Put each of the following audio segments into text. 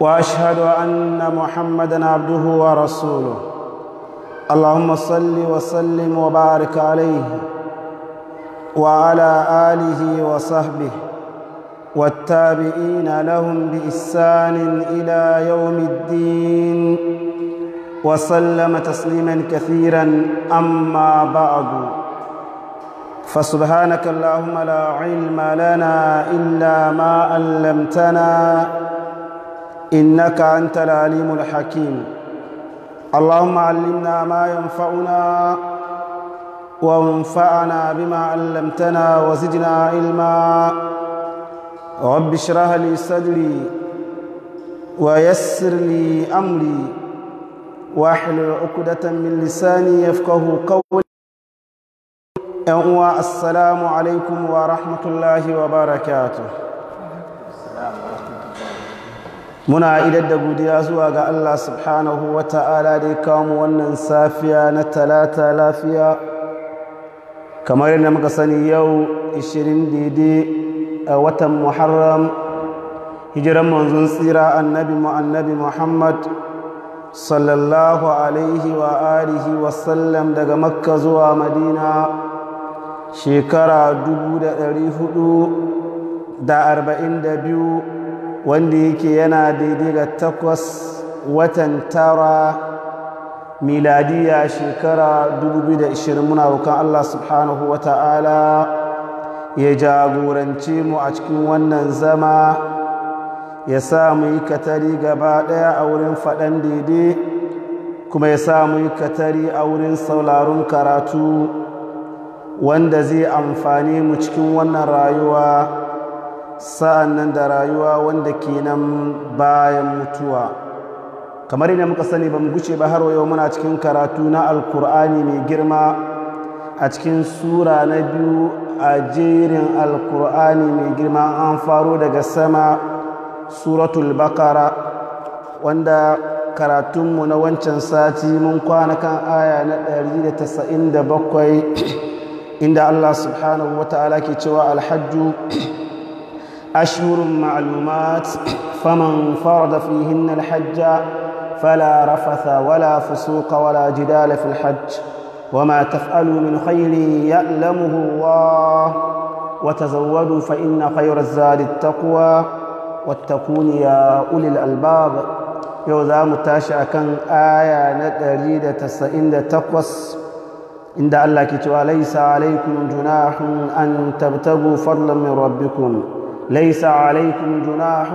واشهد ان محمدا عبده ورسوله اللهم صل وسلم وبارك عليه وعلى اله وصحبه والتابعين لهم باحسان الى يوم الدين وسلم تسليما كثيرا اما بعد فسبحانك اللهم لا علم لنا الا ما علمتنا إنك أنت العليم الحكيم اللهم علمنا ما ينفعنا وانفعنا بما علمتنا وزدنا علما رب اشرح لي صدري ويسر لي أمري واحلل عقدة من لساني يفقه قولي السلام عليكم ورحمة الله وبركاته muna idar da godiya zuwa ga Allah subhanahu wa ta'ala da ya kawo wannan safiya na talata lafiya kamar yadda muka sani yau 20 daidai a watan muharram hijiran manzon tsira annabi mu annabi muhammad sallallahu alaihi wa alihi wa sallam daga makka zuwa madina shekara 442 wanda yake yana daidai ga takwas watan tara miladiya shekara 2020 muna roƙon Allah subhanahu wa ta'ala ya jagorance mu a cikin wannan zama ya sa mu yi katari gaba ɗaya a wurin faɗan daidai kuma ya sa mu yi katari a wurin sauraron karatu wanda zai amfani mu cikin wannan rayuwa sa'an nan da rayuwa wanda ke nan bayan mutuwa kamar yadda muka sani ba mu guce ba har yau muna cikin karatu na alkur'ani mai girma a cikin sura na biyu a jerin alkur'ani mai girma an faro daga sama suratul bakara wanda karatunmu na wancan sati mun kwana kan aya na 197 inda allah subhanahu wa ta'ala ke cewa alhajju أشهر معلومات فمن فرض فيهن الحج فلا رفث ولا فسوق ولا جدال في الحج وما تفعلوا من خير يألمه الله وتزودوا فإن خير الزاد التقوى واتقون يا أولي الألباب يوزا za mu tashi akan aya na تقوس إن Allah ke cewa عليكم جناح أن تبتغوا فضلا من ربكم ليس عليكم جناح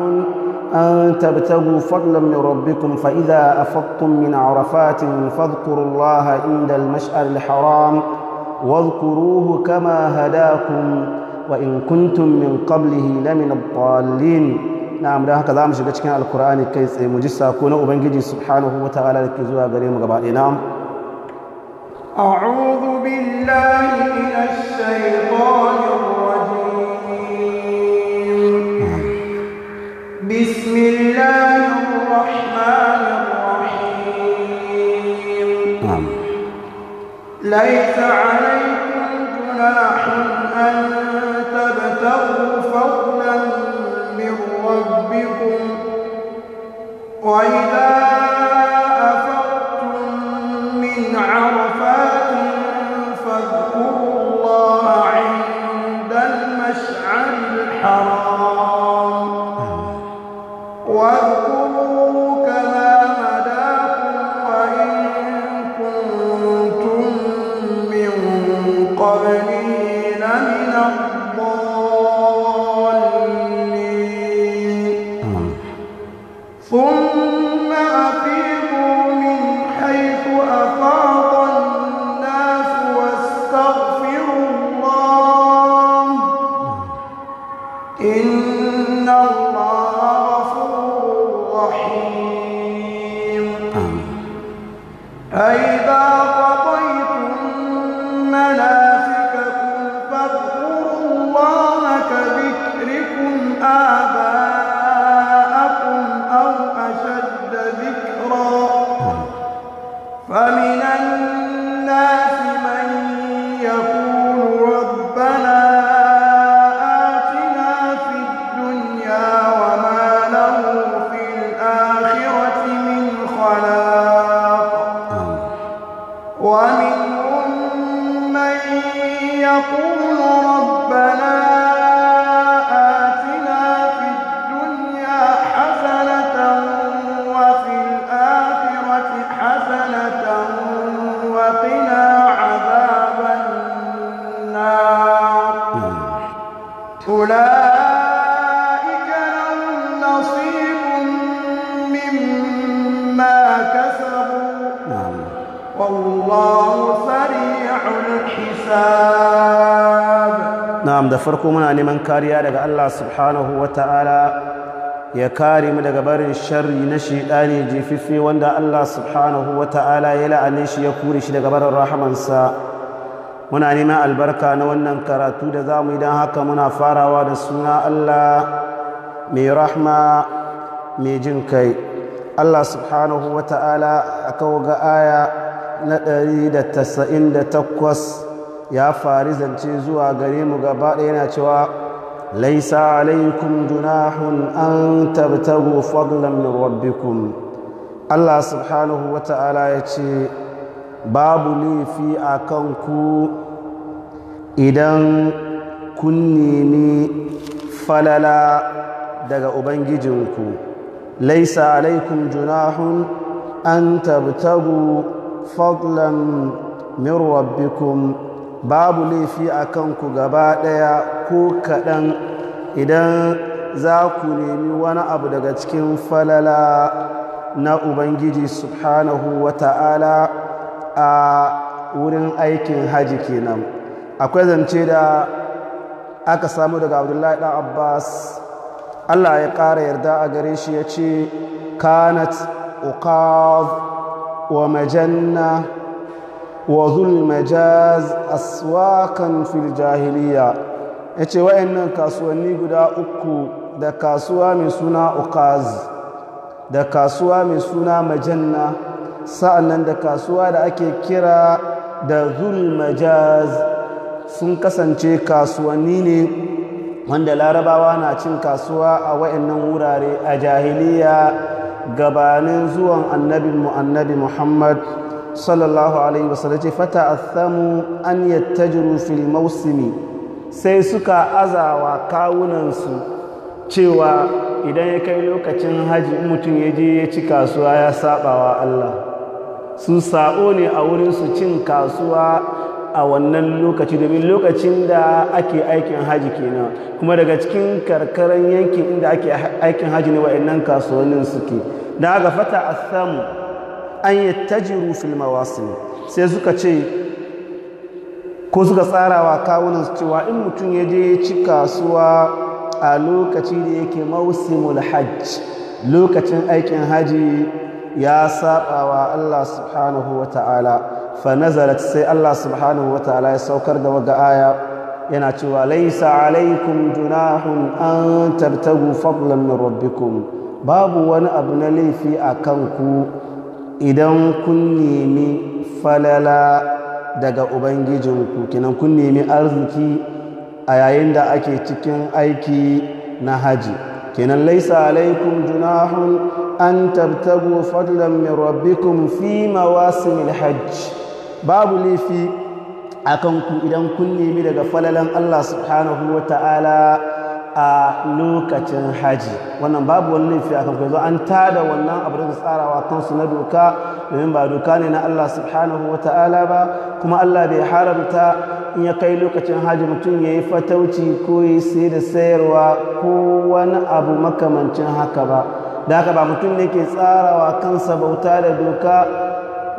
أن تبتغوا فضلا من ربكم فإذا أفضتم من عرفات فاذكروا الله عند المشأل الحرام واذكروه كما هداكم وإن كنتم من قبله لمن الضالين نعم ده كلام مش بس كان القرآن كيس مجلس أكون وبنجي سبحانه وتعالى لكزوا قريم قبائل نعم أعوذ بالله من الشيطان الرجيم بسم الله الرحمن الرحيم نعم. ليس عليكم جناح أن تبتغوا فضلا من ربكم وإذا فمن الناس farko muna neman kariya daga Allah subhanahu wa ta'ala ya kare mu daga barin sharri na shaidani jififfe wanda Allah subhanahu wa ta'ala ya la'ane shi ya kure shi daga barin rahamansa muna neman albarka na wannan karatu da za mu idan haka muna farawa da suna Allah mai rahma mai jin kai Allah subhanahu wa ta'ala a kawo ga aya na 198 ya fari zance zuwa gare mu gaba ɗaya yana cewa laisa alaikum junahun an tabtagu fadlan min rabbikum Allah subhanahu ta'ala ya ce babu laifi a kanku idan kun nemi falala daga ubangijinku laisa alaikum junahun an tabtagu fadlan min rabbikum babu laifi a kanku gaba ɗaya ko kaɗan idan za ku nemi wani abu daga cikin falala na ubangiji subhanahu wa ta'ala a wurin aikin haji kenan akwai zance da aka samu daga abdullahi ɗan abbas allah ya ƙara yarda a gare shi ya ce kanat uqaz wa majanna wazulmajaz المجاز filjahiliya ya ce yace wa'annan kasuwanni guda uku da kasuwa mai suna ukaz da kasuwa mai suna majanna sa'annan da kasuwa da ake kira da zulmajaz sun kasance kasuwanni ne wanda larabawa na cin kasuwa a wa'annan wurare a jahiliya gabanin zuwan annabinmu annabi muhammad sallallahu alaihi wasallam ce fata athamu an yattajiru fil mausimi sai suka azawa kawunansu cewa idan ya kai lokacin haji mutum ya je ya ci kasuwa ya sabawa Allah su sa'o ne a wurin su cin kasuwa a wannan lokaci domin lokacin da ake aikin haji kenan kuma daga cikin karkaran yankin inda ake aikin haji ne wa'annan kasuwannin suke da ga fata athamu an yattajiru tajiru mawasim sai suka ce ko suka tsarawa kawunan su cewa in mutum ya je ci kasuwa a lokaci da yake mausimul hajj lokacin aikin haji ya saba Allah subhanahu wa ta'ala fa sai Allah subhanahu wa ta'ala ya saukar da waga aya yana cewa laisa alaikum junahun an tartagu fadlan min rabbikum babu wani abu na laifi a ku. idan kun nemi falala daga ubangijinku kinan kun nemi arziki a yayin da ake cikin aiki na haji kenan laisa alaikum junahun an tabtago fadlan min rabbikum fi mawasimil hajj babu laifi akan ku idan kun nemi daga falalan Allah subhanahu wa ta'ala a lokacin haji wannan babu wani laifi akan kai zo an tada wannan abu da tsarawa kansu na doka domin ba doka ne na Allah subhanahu wa ta'ala ba kuma Allah bai haramta in ya kai lokacin haji mutum ya yi fatauci ko ya sai da sayarwa ko wani abu makamancin haka ba da haka ba mutum ne ke tsarawa kansa bauta da doka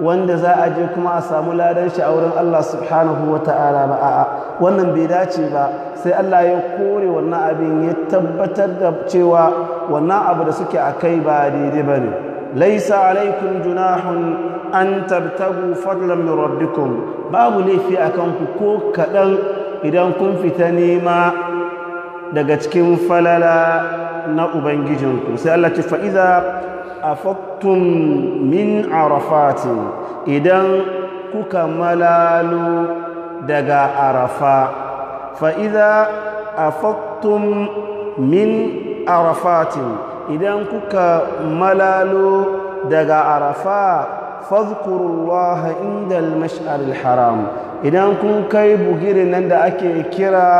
wanda za a je kuma a samu ladan shi a wurin Allah subhanahu wa ta'ala ba a'a wannan bai dace ba sai Allah ya kore wannan abin ya tabbatar da cewa wannan abu da suke a kai ba daidai ba ne laisa alaikum junahun an tabtagu fadlan min rabbikum babu laifi akan ku ko kaɗan idan kun fita nema daga cikin falala na ubangijinku sai Allah ce fa'iza afaktun min arafatin idan kuka malalu daga arafa fa'iza afaktun min arafatin idan kuka malalu daga arafa fadkurullaha inda al haram idan kun kai bugirin nan da ake kira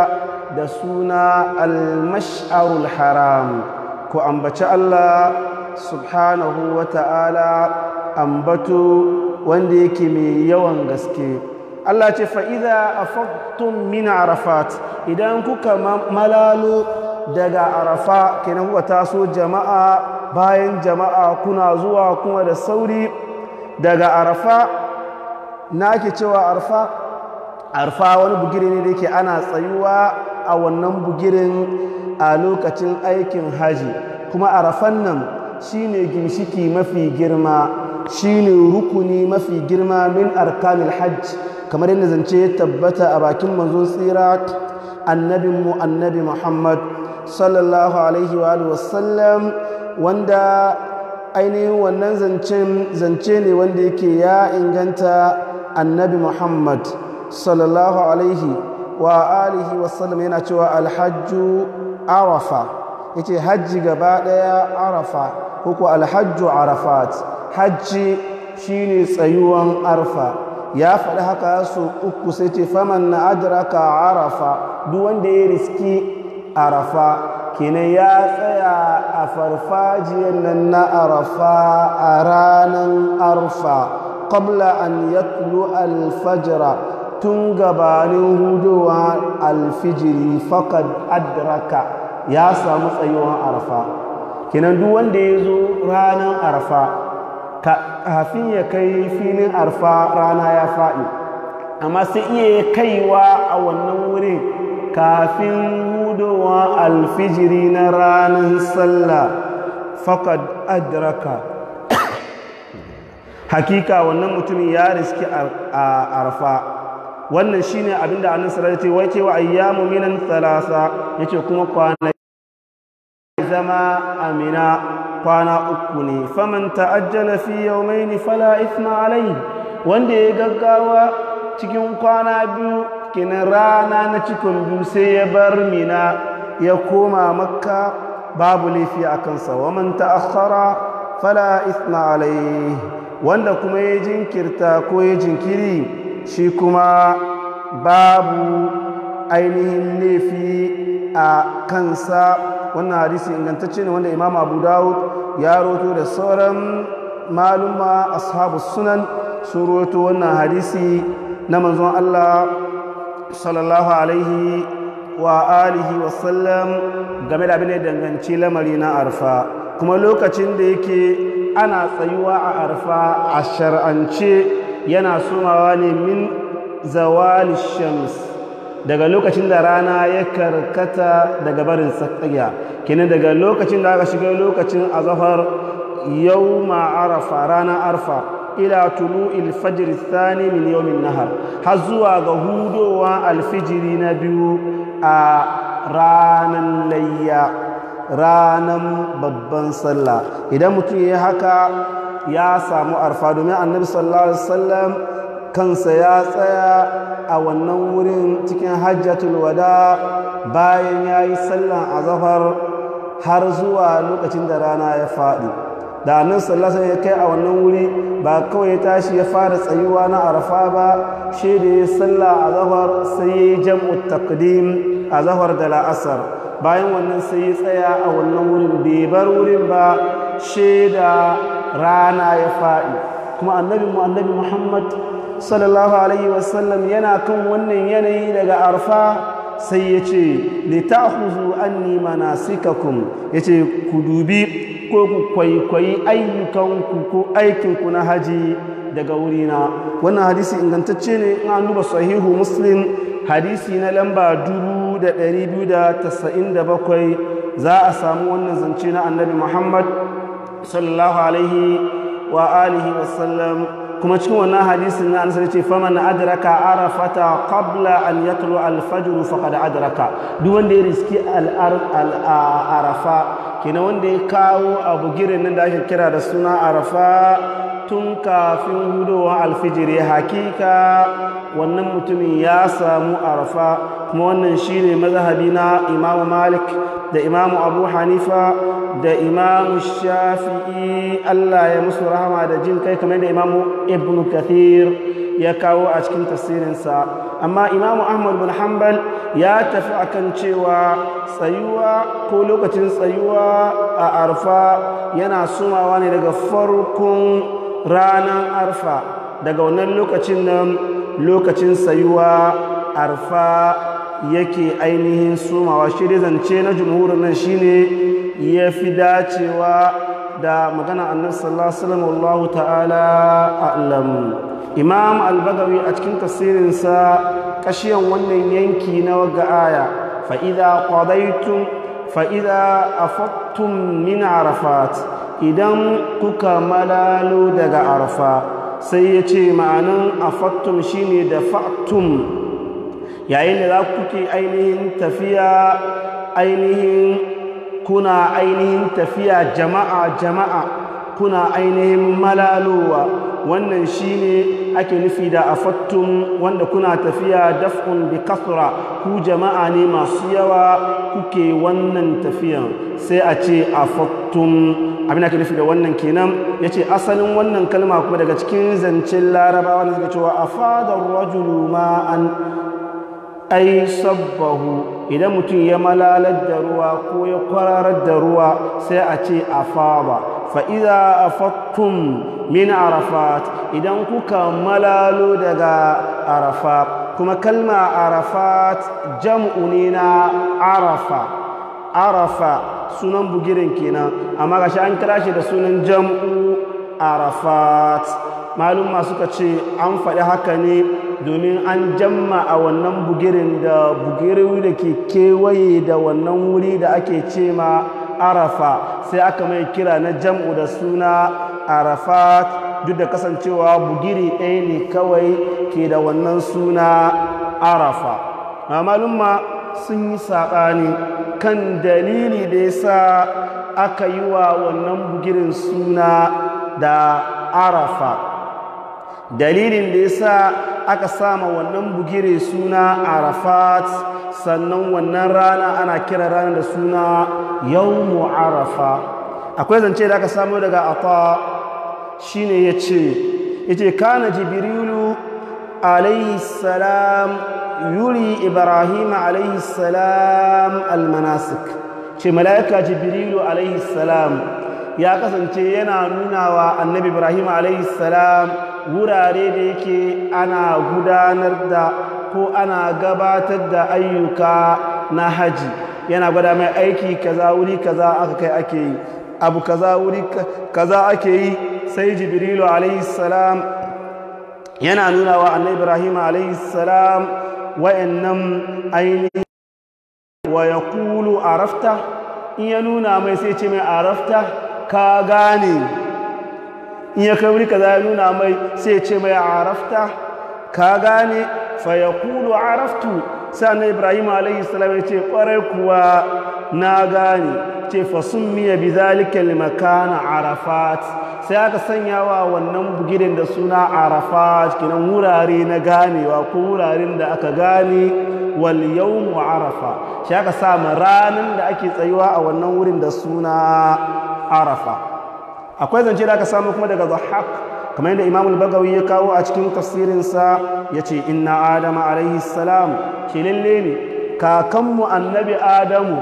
da suna al haram ku ambaci Allah subhanahu wa ta'ala ambato wanda yake mai yawan gaske Allah ce fa'iza a faktun min arafat idan kuka malalo daga arafa kenan kuka taso jama'a bayan jama'a kuna zuwa kuma da sauri daga arafa na ke cewa arafa Arafa wani bugiri ne da ke ana tsayuwa a wannan bugirin a lokacin aikin haji kuma arafan nan shine gimshiki mafi girma shine rukuni mafi girma min arkanil hajj kamar yadda zance ya tabbata a bakin manzon tsira annabin mu annabi Muhammad sallallahu alaihi wa sallam wanda ainihin wannan zancen zance ne wanda yake ya inganta annabi Muhammad sallallahu alaihi wa alihi sallam yana cewa alhajju arafa yace hajji gaba daya arafa Uku alhajju arafat haji shine tsayuwan arfa ya faɗi haka su uku sai ce faman na adraka arafa duk wanda ya riski arafa kenan ya tsaya a farfajiyar nan na arafa a ranar arfa kabla an yatlu alfajira tun gabanin hudowa alfijiri fakad adraka ya samu tsayuwan arafa kenan duk wanda ya zo ranar arfa kafin ya kai filin arfa rana ya faɗi amma sai iya kaiwa a wannan wurin kafin hudowa alfijiri na ranar sallah fakad adraka hakika wannan mutumin ya riski a arfa wannan shine abinda annabi sallallahu alaihi wasallam ya ce wa ayyamu minan thalatha yace kuma kwanaki. zama amina kwana uku ne faman ta'ajjala fi yawmaini fala ithma wanda ya gaggawa cikin kwana biyu kinin rana na cikin biyu sai ya bar mina ya koma makka babu laifi a kansa waman ta'akhkhara fala ithma wanda kuma ya jinkirta ko ya jinkiri shi kuma babu ainihin laifi a kansa wannan hadisi ingantacce ne wanda imam abu dawud ya roto da sauran malumma ashabu sunan sun roto wannan hadisi na manzon allah sallallahu alaihi wa alihi sallam game da abin da danganci lamari na arfa kuma lokacin da yake ana tsayuwa a arfa a shar'ance yana sumawa ne min zawali shams daga lokacin da rana ya karkata daga barin tsakiya kenan daga lokacin da aka shiga lokacin azafar yau ma arafa rana arfa ila tulu ilfajir sani min min nahar har zuwa ga hudowa alfijiri na biyu a ranan layya ranan babban sallah idan mutum ya haka ya samu arfa domin annabi sallallahu alaihi wasallam kansa ya tsaya a wannan wurin cikin hajjatul wada bayan ya yi sallan azafar har zuwa lokacin da rana ya faɗi da nan sallasa ya kai a wannan wuri ba kawai ya tashi ya fara tsayuwa na arfa ba shi da ya salla zafar sai ya yi jam'u takdim zafar da la'asar bayan wannan sai ya tsaya a wannan wurin bai bar wurin ba shi da rana ya faɗi kuma annabi annabi muhammad sallallahu alaihi wasallam yana kan wannan yanayi daga arfa sai ya ce litahuzu anni manasikakum ya ce ku dubi ko ku kwaikwayi ayyukanku ko aikinku na haji daga wurina wannan hadisi ingantacce ne in an duba sahihu muslim hadisi na lamba bakwai za a samu wannan zance na annabi muhammad sallallahu alaihi wa alihi wasallam kuma cikin wannan hadisin na ansa ce faman adraka arafata qabla an yatlu al-fajr faqad adraka duk wanda ya riski al-arafa wanda ya kawo abu girin nan da ake kira da suna arafa tun kafin wa alfijiri hakika wannan mutumin ya samu arfa kuma wannan shi ne mazhabi na imamu malik da imamu abu hanifa da imamu shafi'i allah ya musu rahama da jin kai kamar da imamu ibn kathir ya kawo a cikin tasirinsa amma imamu ahmad bin hanbal ya tafi a kan cewa tsayuwa ko lokacin tsayuwa a arfa yana sumawa ne daga farkon ranar arfa daga wannan lokacin nan lokacin sayuwa arfa yake ainihin sumawa shi zance na jumhurin nan shine ya fi dacewa da magana annabi sallallahu alaihi ta'ala a'lam imam albagawi a cikin tasirinsa kashiyan wannan yanki na waga aya fa'iza fa'ida fa'iza fattun min arafat idan kuka malalo daga arfa sai ya ce ma'anin afattum shine da fa'tum yayin da za kuke ainihin tafiya ainihin kuna ainihin tafiya jama'a jama'a kuna ainihin malalowa wannan shine ake nufi da afattum wanda kuna tafiya daf'un bi kasra ku jama'a ne masu yawa kuke wannan tafiyan sai a ce afattum abin ake nufi da wannan kenan yace asalin wannan kalma kuma daga cikin zancen larabawa ne suka cewa afadar rajulu ma'an ai sabbahu idan mutum ya malalar da ruwa ko ya kwararar da ruwa sai a ce afaba fa a fattun min arafat idan kuka malalo daga arafa kuma kalma arafat jam'u ne na arafa arafa sunan bugirin kenan amma gashi an kira shi da sunan jam'u arafat malum suka ce an faɗi haka ne domin an jamma a wannan bugirin da bugirin da ke kewaye da wannan wuri da ake ce ma arafa sai aka mai kira na jam'u da suna arafa duk da kasancewa bugiri ɗaya ne kawai ke da wannan suna arafa malumma sun yi saɓani kan dalili da ya sa aka yi wa wannan bugirin suna da arafa dalilin da yasa aka sama wannan bugire suna arafat sannan wannan rana ana kira ranar da suna yawmu arafa akwai zance da aka samu daga ata shine yace yace kana jibrilu alayhi salam yuri ibrahim alayhi salam almanasik ce malaika jibrilu alayhi salam ya kasance yana nuna wa annabi ibrahim alayhi salam wurare da yake ana gudanar da ko ana gabatar da ayyuka na haji yana gwada mai aiki kaza wuri kaza aka kai ake yi abu kaza wuri kaza ake yi sai jibrilu alaihi salam yana nuna wa annabi ibrahim alaihi salam wa'annan ainihin wa yaqulu arafta in ya nuna mai sai ce mai arafta ka gane in ya kai wuri kaza nuna mai sai ce mai arafta ka gane fayakulu ya araftu sannan ibrahim alayhi salam ya ce kwarai kuwa na gane ce fasun miya bi zalika limakana arafat sai aka sanya wa wannan bugirin da suna arafat kinan wurare na ganewa ko wuraren da aka gane wal yawmu arafa shi aka sa ranar da ake tsayuwa a wannan wurin da suna arafa akwai zance da aka samu kuma daga dhahak kamar yadda imamul bagawi ya kawo a cikin tafsirinsa ya ce inna adama alaihi salam ke lalle ne kakanmu annabi adamu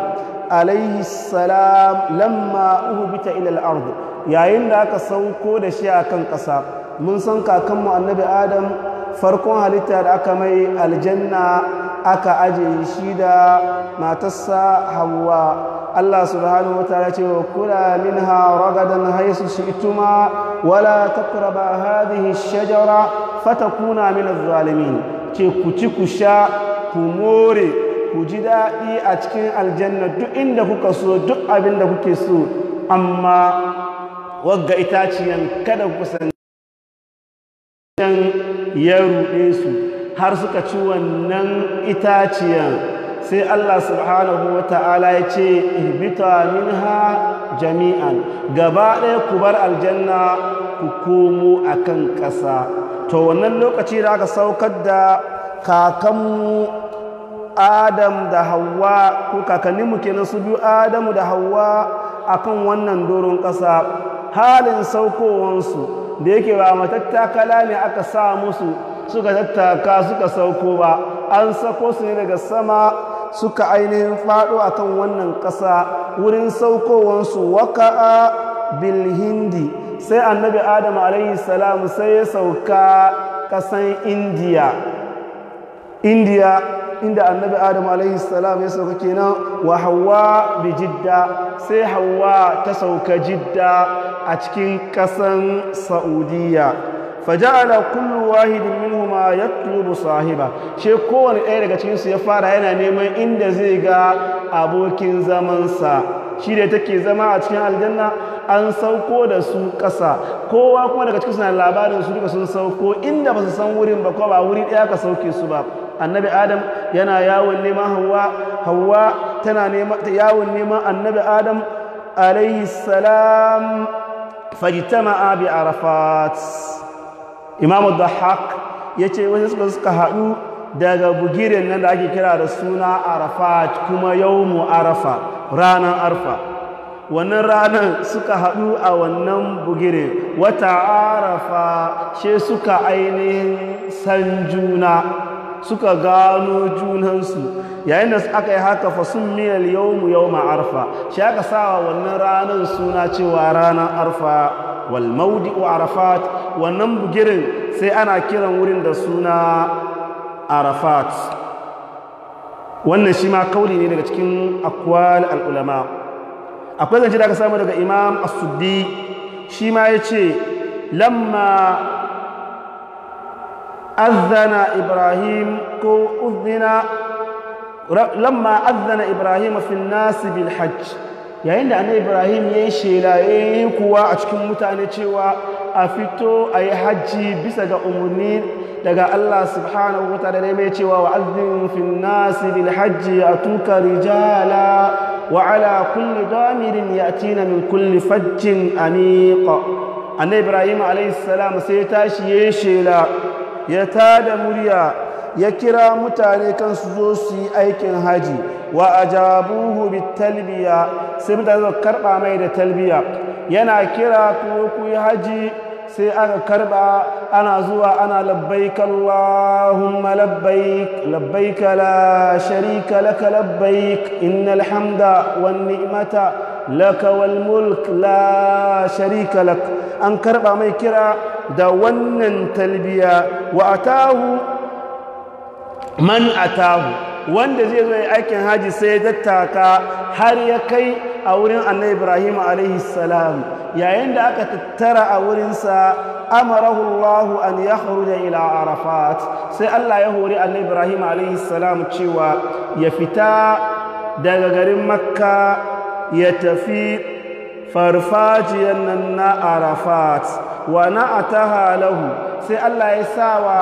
alaihi salam lamma uhubita ilal ard yayin da aka sauko da shi akan ƙasa mun san kakanmu annabi adam farkon halitta da aka mai aljanna aka aje shi da matarsa hawa Allah subhanahu wa ta'ala ce wa kula minha ragadan haisu shi. Ituma wala taqraba hadhihi shajara fatakuna min adh-dhalimin ce ku ci ku sha ku more ku ji daɗi a cikin aljanna duk inda kuka so duk abin da kuke so amma wagga itaciyan kada ku san ya ruɗe su har suka ci wannan itaciyan sai Allah subhanahu wa ta'ala ya ce ihbita minha jami'an gaba ɗaya ku bar aljanna ku komo akan ƙasa to wannan lokaci da aka saukar da kakanmu adam da hawa ko kakanninmu kenan su biyu adamu da hawa akan wannan doron ƙasa halin saukowansu da yake ba matattakala ne aka sa musu suka tattaka suka sauko ba an sako su ne daga sama suka ainihin faɗo kan wannan ƙasa wurin saukowansu waka'a bilhindi sai annabi adam alayhi salam sai ya sauka ƙasan indiya indiya inda annabi adam alayhi salam ya sauka kenan wa hawa bi jidda sai hawa ta sauka jidda a cikin ƙasan saudiya faja'ala kullu wahidin minhuma yatlubu sahiba she kowane ɗaya daga cikinsu ya fara yana neman inda zai ga abokin zamansa shi da take zama a cikin aljanna an sauko da su ƙasa kowa kuma daga cikin suna labarin su duka sun sauko inda ba su san wurin ba ko ba wuri ɗaya ka sauke su ba annabi adam yana yawon neman hawa hawa tana yawon neman annabi adam alaihi salam fajitama bi arafat imamu dahak ya ce wasu suka suka haɗu daga bugiren nan da ake kira da suna arafat kuma yau arafa ranar arfa wannan ranar suka haɗu a wannan bugire wata arafa she suka ainihin san juna suka gano junansu yayin da aka yi haka fasun miyar yau yawma arfa shi aka sawa wannan ranar suna cewa ranar arfa wal wa arafat wannan bugirin sai ana kiran wurin da suna arafat wannan shi ma kauli ne daga cikin akwal al'ulama akwai zance da aka samu daga imam asuddi shi ma ya ce lamma azana ibrahim ko uzina lamma azana ibrahim a bil hajj yayin da annabi ibrahim ya yi shela ya kuwa a cikin mutane cewa a fito a yi hajji bisa ga umarni daga allah subhanahu wa ta'ala mai cewa wa azin fin nasi bil hajji a tuka rijala wa ala kulli damirin ya tina min kulli fajjin amiqa annabi ibrahim alaihi salam sai tashi ya yi shela ya tada murya ya kira mutane kan su zo su yi aikin haji wa ajabuhu bi talbiya sai mutane suka karɓa mai da talbiya yana kira kuma ku yi haji sai aka karba ana zuwa ana labbaik Allahumma Labbai labbaik la sharika kala labbaik innal hamda wan ni'mata laka wal mulk la sharika an karɓa mai kira da wannan talbiya wa atahu man atahu wanda zai zo aikin haji sai ya tattaka har ya kai a wurin annabi ibrahim alaihi salam yayin da aka tattara a wurinsa amarahu allah an yakhruja ila arafat sai allah ya hori annabi ibrahim alaihi salam cewa ya fita daga garin makka ya tafi farfajiyan nan na arafat wa na'ataha lahu sai Allah ya sa wa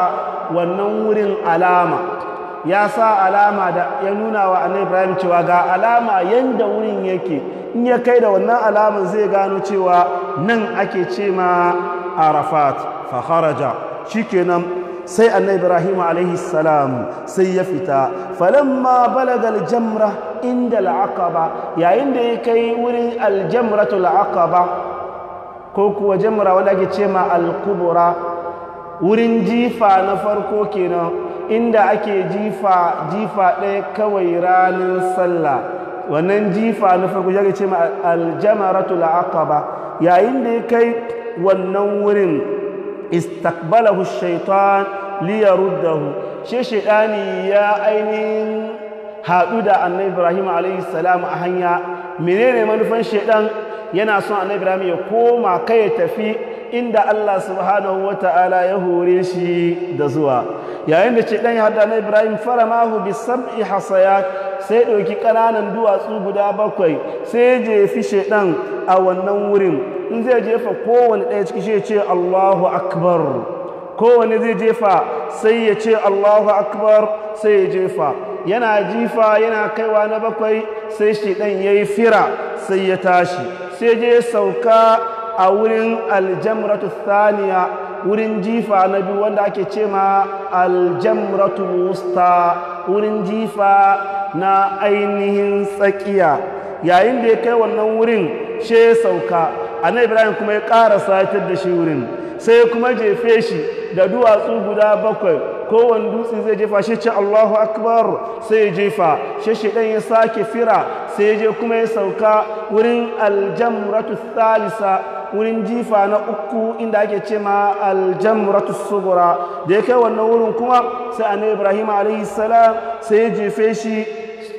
wannan wurin alama ya sa alama da ya nuna wa annabi Ibrahim cewa ga alama yanda wurin yake in ya kai da wannan alaman zai gano cewa nan ake ce ma Arafat fa kharaja shikenan sai annabi Ibrahim alaihi salam sai ya fita falamma balagal jamra inda al yayin da ya kai wurin al-jamratul aqaba ko kuwa jamra wanda ake ce ma alkubura wurin jifa na farko kenan inda ake jifa jifa ɗaya kawai ranar sallah wannan jifa na farko ya ce ma aljamaratul ba yayin da ya kai wannan wurin istakbalahu shaitan liyaruddahu shi shaidani ya ainihin haɗu da annabi ibrahim alaihi a hanya menene manufan shaidan yana son annabi ibrahim ya koma kai ya tafi inda Allah subhanahu wa ta'ala ya hore shi da zuwa yayin da ce dan ya hada na Ibrahim faramahu bi sab'i hasayat sai ɗauki ƙananan duwatsu guda bakwai sai jefi shedan a wannan wurin in zai jefa kowane ɗaya ciki shi ce Allahu akbar kowane zai jefa sai ya ce Allahu akbar sai ya jefa yana jifa yana kaiwa na bakwai sai ya yayi fira sai ya tashi sai je sauka a wurin aljamratu thaniya wurin jifa na biyu wanda ake ce ma aljamratu wusta wurin jifa na ainihin tsakiya yayin da ya kai wannan wurin she sauka annabi ibrahim kuma ya ƙara satar da shi wurin sai kuma jefe shi da duwatsu guda bakwai kowane dutse zai jefa shi ce Allahu akbar sai ya jefa shi ɗan ya sake fira sai ya je kuma ya sauka wurin aljamratu thalisa wurin jifa na uku inda ake ce ma aljamratu sugura da ya kai wannan wurin kuma sai annabi Ibrahim alaihi sai ya jefe shi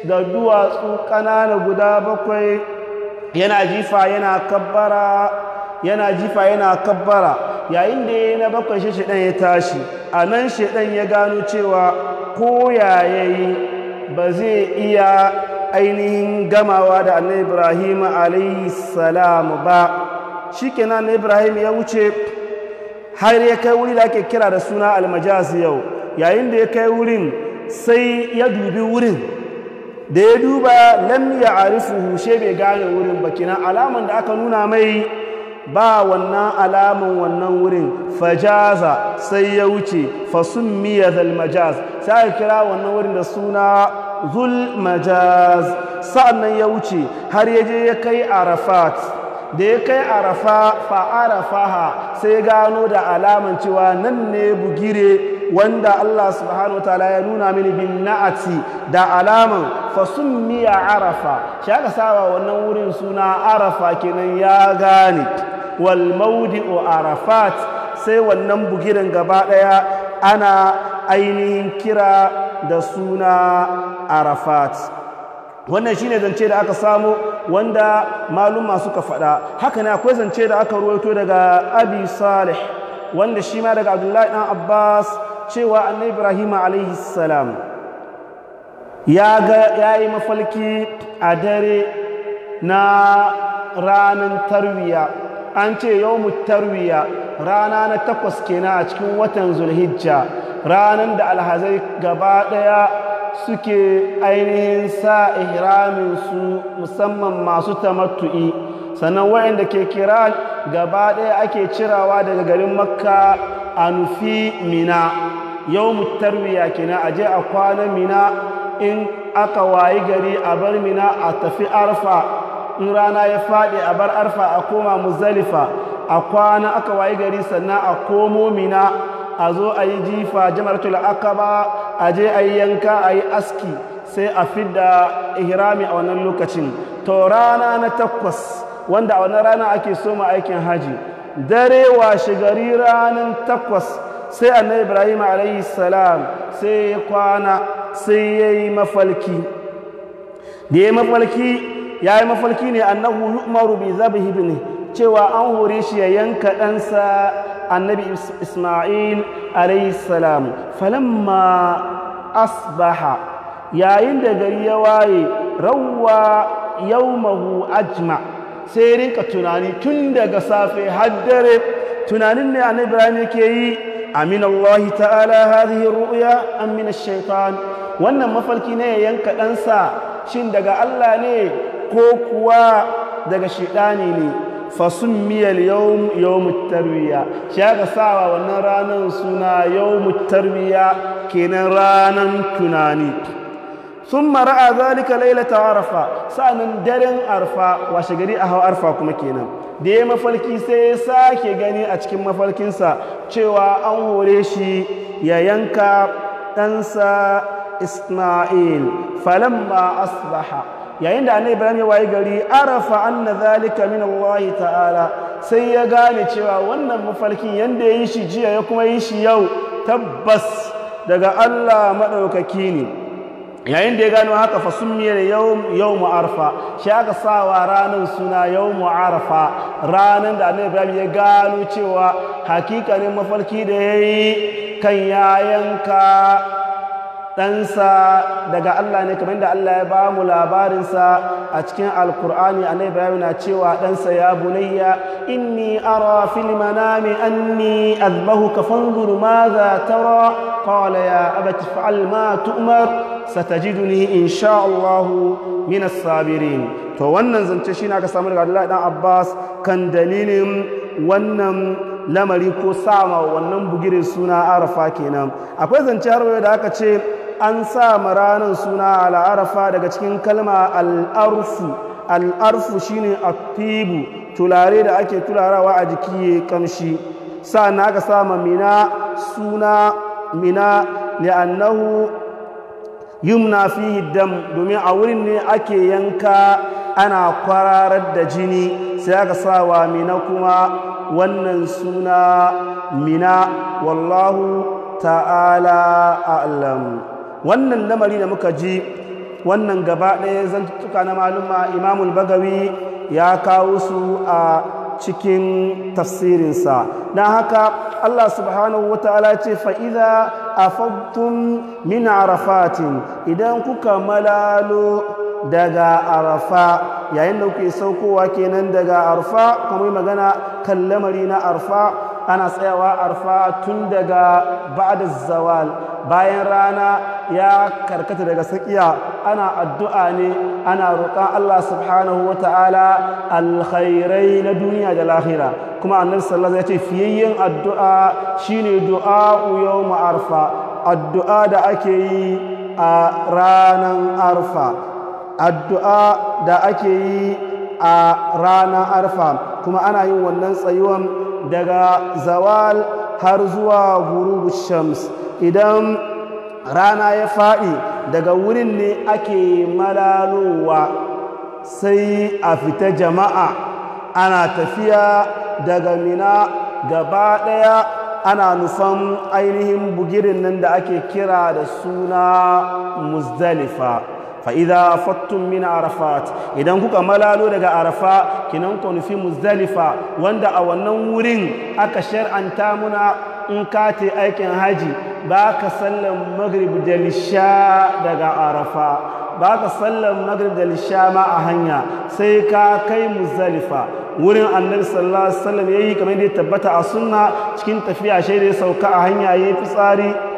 da duwatsu ƙanana guda bakwai yana jifa yana kabbara yana jifa yana kabbara yayin da ya na bakwai shi shaɗan ya tashi a nan shaɗan ya gano cewa ko yayayi ba zai iya ainihin gamawa da annabi ibrahim ba shi kenan na ibrahim ya wuce har ya kai wuri da ake kira da suna almajas yau yayin da ya kai wurin sai ya dubi wurin da ya duba lam ya arifuhu she bai gane wurin ba kina alaman da aka nuna mai ba wannan alaman wannan wurin fajaza sai ya wuce fasummiya zalmajaz sai kira wannan wurin da suna zulmajaz sa'annan ya wuce har ya je ya kai arafat da ya kai arafa fa Arafaha sai gano da alaman cewa nan ne bugire wanda Allah subhanahu wa ta'ala ya nuna mini bin na'ati da alaman fasummiya arafa shi aka saba wannan wurin suna arafa kenan ya gane wal o arafat sai wannan bugirin gaba ɗaya ana ainihin kira da suna arafat wannan shine zance da aka samu wanda maluma suka faɗa haka ne akwai zance da aka ruwaito daga abi salih wanda shi ma daga abdullahi dan abbas cewa annabi ibrahim alaihi salam ya ga yayi mafalki a dare na ranar tarwiya an ce yau tarwiya rana na takwas kenan a cikin watan zulhijja ranar da alhazai gaba daya suke ainihin sa ihramin su musamman masu tamattu'i sannan waɗanda ke kira gaba daya ake cirawa daga garin makka a nufi mina yau tarwiya kenan aje a kwana mina in aka wayi gari a bar mina a tafi arfa in rana ya faɗi a bar arfa a koma muzalifa a kwana aka wayi gari sannan a komo mina a zo a yi jifa jamaratul akaba a je a yi yanka a yi aski sai a fidda ihrami a wannan lokacin to rana na takwas wanda a wannan rana ake soma aikin haji dare washe gari ranar takwas sai annabi ibrahim alayhi salam sai ya kwana sai ya yi mafalki da ya mafalki ya yi mafarki ne annahu yu'maru bi zabihi ne cewa an hore shi ya yanka ɗansa annabi isma'il alayhi salam falamma asbaha yayin da gari ya waye rawwa yaumahu ajma sai rinka tunani tun daga safe har tunanin ne annabi ibrahim yake yi amin allah ta'ala hadhihi ru'ya am min ash wannan mafarki ne ya yanka ɗansa shin daga allah ne ko kuwa daga shaidani ne fasun miyar yau tarwiya shi aka sawa wannan ranar suna yau tarwiya kenan ranar tunani sun mara a zalika lailata arfa sa'anin daren arfa washe gari a hau arfa kuma kenan da ya mafalki sai ya sake gani a cikin mafalkinsa cewa an hore shi ya yanka ɗansa isma'il falamma asbaha yayin da annabi ibrahim ya wayi gari arafa anna zalika min allah ta'ala sai ya gane cewa wannan mafarkin yanda ya yi shi jiya ya kuma yi shi yau tabbas daga allah maɗaukaki ne yayin da ya gano haka fa sumiya yau mu arfa shi aka sawa ranar suna yau mu arfa ranar da annabi ibrahim ya gano cewa hakikanin mafarki da ya yi kan yayanka ɗansa daga Allah ne kamar da Allah ya ba mu labarinsa a cikin alkur'ani a bayan na cewa ɗansa ya bunayya inni ara fil manami anni ka fanzur ma za ra qala ya abati fa'al ma tu'mar satajiduni insha Allah min as-sabirin to wannan zance shi na ka samu daga Allah dan Abbas kan dalilin wannan lamari ko sama wannan bugirin suna arafa kenan akwai zance har da aka ce an sa maranin suna al'arafa daga cikin kalma al'arfu al'arfu a atibu tulare da ake tularawa a jiki ya kamshi sa na aka sama mina suna mina li'annahu yumna fi dam domin a wurin ne ake yanka ana kwararar da jini sai aka sa wa mina kuma wannan suna mina wallahu ta'ala alamu wannan lamari da muka ji wannan gaba ɗaya zantuka na maluma imamul bagawi ya kawo su a cikin tafsirinsa na haka Allah subhanahu wa ta'ala ce fa'iza a fattun min arafatin idan kuka malalo daga arafa yayin da kuke saukowa kenan daga arafa, kuma yi magana kan lamari na arafa. ana tsayawa arfa tun daga ba'da zawal bayan rana ya karkata daga sakiya ana addu'a ne ana roƙon Allah subhanahu wa ta'ala alkhairai na duniya da lahira kuma annabi sallallahu alaihi ya ce fiyayyen addu'a shine du'a yawm arfa addu'a da ake yi a ranan arfa addu'a da ake yi a ranan arfa kuma ana yin wannan tsayuwan daga zawal har zuwa gurubu shams idan rana ya faɗi daga wurin ne ake malalowa sai a fita jama'a ana tafiya daga mina gaba ɗaya ana nufan ainihin bugirin nan da ake kira da suna muzdalifa fa idza fattum min arafat idan kuka malalo daga arafa kinan ku nufi muzdalifa wanda a wannan wurin aka shar'anta muna in ka aikin haji ba ka sallan maghrib da lisha daga arafa ba ka sallan maghrib da lisha ma a hanya sai ka kai muzdalifa wurin annabi sallallahu alaihi wasallam yayi kamar da tabbata a sunna cikin tafiya ya sauka a hanya yayi fitsari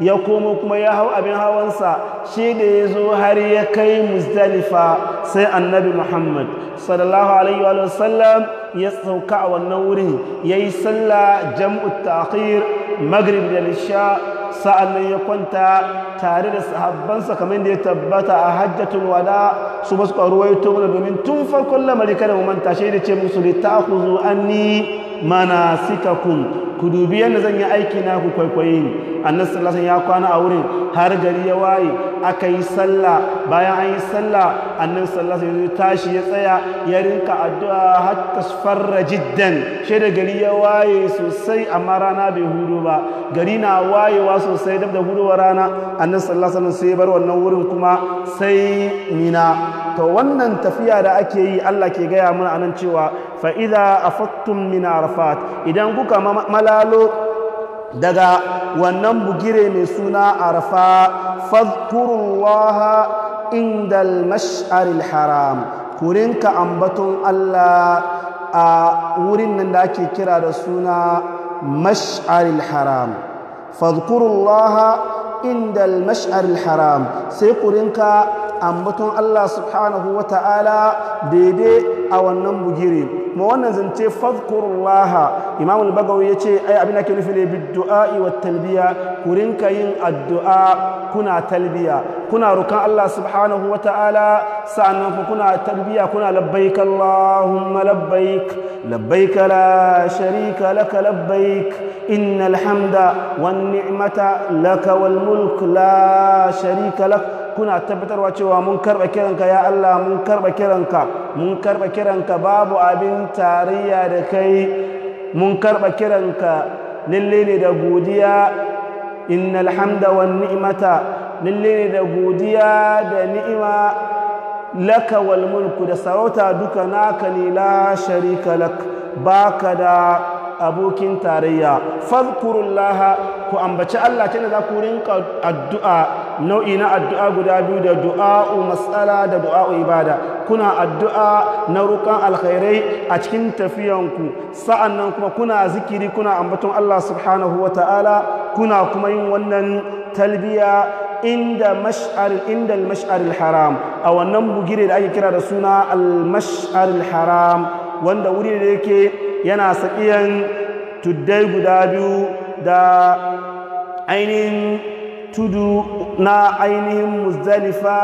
ya komo kuma ya hau abin hawansa shi da ya zo har ya kai muzdalifa sai annabi muhammad sallallahu alaihi wa sallam ya sauka a wannan wurin ya yi sallah jam'ut ta'khir maghrib da lisha sa'annan ya kwanta tare da sahabbansa kamar da ya tabbata a hajjatul wada su ba su ruwaito mana domin tun farkon lamari kada mu manta shi da ce musu li ta'khudhu anni manasikakum ku dubi yadda zan yi aiki na ku kwaikwaye ni annabi sallallahu ya kwana a wurin har gari ya waye aka yi sallah bayan an yi sallah annabi sallallahu alaihi ya tashi ya tsaya ya rinka addu'a har tasfarra jiddan shi da gari ya waye sosai amma rana bai hudu ba gari na wayewa sosai dab da huduwar rana annabi sallallahu alaihi sai bar wannan wurin kuma sai mina to wannan tafiya da ake yi Allah ke gaya mana anan cewa fa idza afattum min arfat idan kuka mala malalo daga wannan bugire mai suna arfa fadkurullaha indal mash'aril haram kurinka ambaton Allah a wurin nan da ake kira da suna mash'aril haram fadkurullaha inda masharil haram sai kurinka ambaton Allah subhanahu wata'ala ta'ala daidai a wannan bugire kuma wannan zance fadhkurullaha imamu al-bagawi yace ai abin da ke nufi ne biddu'a talbiya ku rinka yin addu'a kuna talbiya kuna rukan Allah subhanahu wa ta'ala sa'an kuna talbiya kuna labbaik Allahumma labbaik labbaik la sharika laka labbaik innal hamda wan ni'mata laka wal mulk la sharika laka kuna tabbatarwa cewa mun karba kiranka ya Allah mun karba kiranka mun karba kiranka babu abin tarayya da kai mun karba kiranka lalle ne da godiya innal hamda wan ni'mata lalle ne da godiya da ni'ima laka wal mulku da sarauta duka naka ne la sharika lak baka da abokin tarayya fadhkurullaha ku ambaci Allah tana za ku rinka addu'a nau'i na addu'a guda biyu da du'a'u matsala da du'a'u ibada kuna addu'a na rukan alkhairai a cikin tafiyanku sa'an nan kuma kuna zikiri kuna ambaton Allah subhanahu wa ta'ala kuna kuma yin wannan talbiya inda mash'ar inda al-mash'ar al-haram a wannan bugire da ake kira da suna al-mash'ar al-haram wanda wuri da yake yana sakiyan tuddai guda biyu da ainihin tudu na ainihin muzdalifa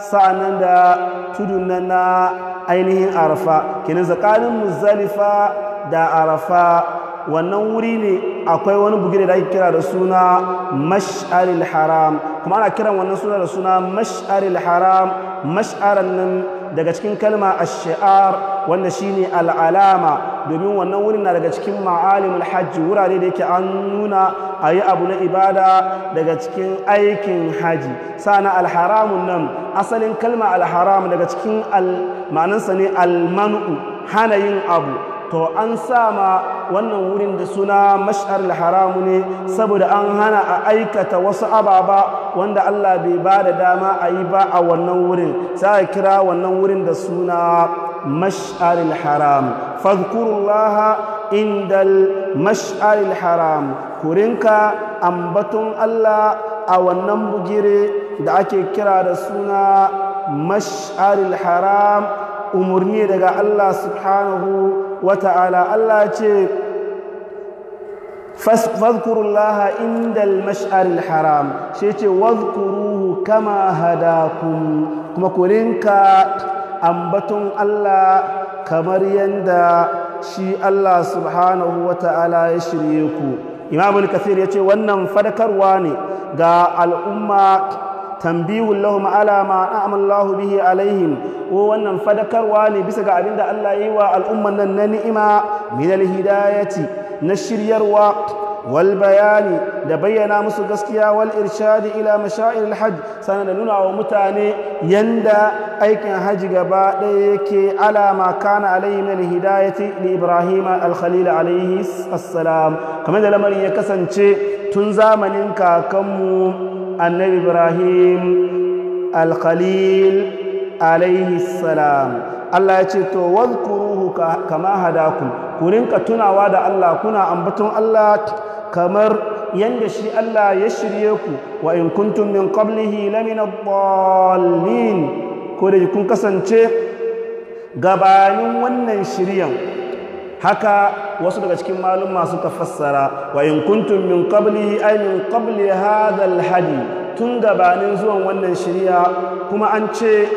sa'annan da tudu na ainihin arafa kenan tsakanin muzdalifa da arafa wannan wuri ne akwai wani bugire da ake kira da suna mash'aril haram kuma ana kiran wannan suna da suna mash'aril haram mash'aran nan daga cikin kalma ash-shi'ar wanda shine al'alama domin wannan wurin na daga cikin ma'alimul hajji wurare da yake an nuna a yi abu na ibada daga cikin aikin haji sana alharamun nan asalin kalma alharam daga cikin ma'anansa ne almanu hana yin abu to an sama wannan wurin da suna mashar haramu ne saboda an hana a aikata wasu ababa wanda Allah bai ba da dama a yi ba a wannan wurin sai kira wannan wurin da suna مشعر الحرام فاذكروا الله عند المشعر الحرام كورينكا أنبتون الله أو النمبجيري دعكي كرا رسولنا مشعر الحرام umarni daga Allah subhanahu wa ta'ala Allah ce fazkurullaha indal mash'aril haram shi ce wazkuruhu kama hadakum kuma ku rinka ambaton Allah kamar yanda shi Allah subhanahu wa ta'ala ya shirye ku imam kathir ya ce wannan fadakarwa ne ga al'umma tambihun lahum ala ma na'amallahu bihi alaihim ko wannan fadakarwa ne bisa ga abinda Allah yi wa al'umman nan na ni'ima minal hidayati na shiryarwa wal bayani da bayyana musu gaskiya wal irshadi ila mashair al hajj sanan da nuna wa mutane yanda aikin haji gaba ɗaya yake alama kana alayhi min hidayati li ibrahim al alayhi assalam kamar da lamarin ya kasance tun zamanin kakanmu annabi ibrahim al alayhi salam Allah ya ce to wazkuruhu kama hadakum ku rinka tunawa da Allah kuna ambaton Allah kamar yanda shi Allah ya shirye ku wa in kuntum min qablihi lamina dallin ko da kun kasance gabanin wannan shiryan haka wasu daga cikin malumma suka fassara wa in kuntum min qablihi ay min qabli hadha al-hadi tun gabanin zuwan wannan shirya kuma an ce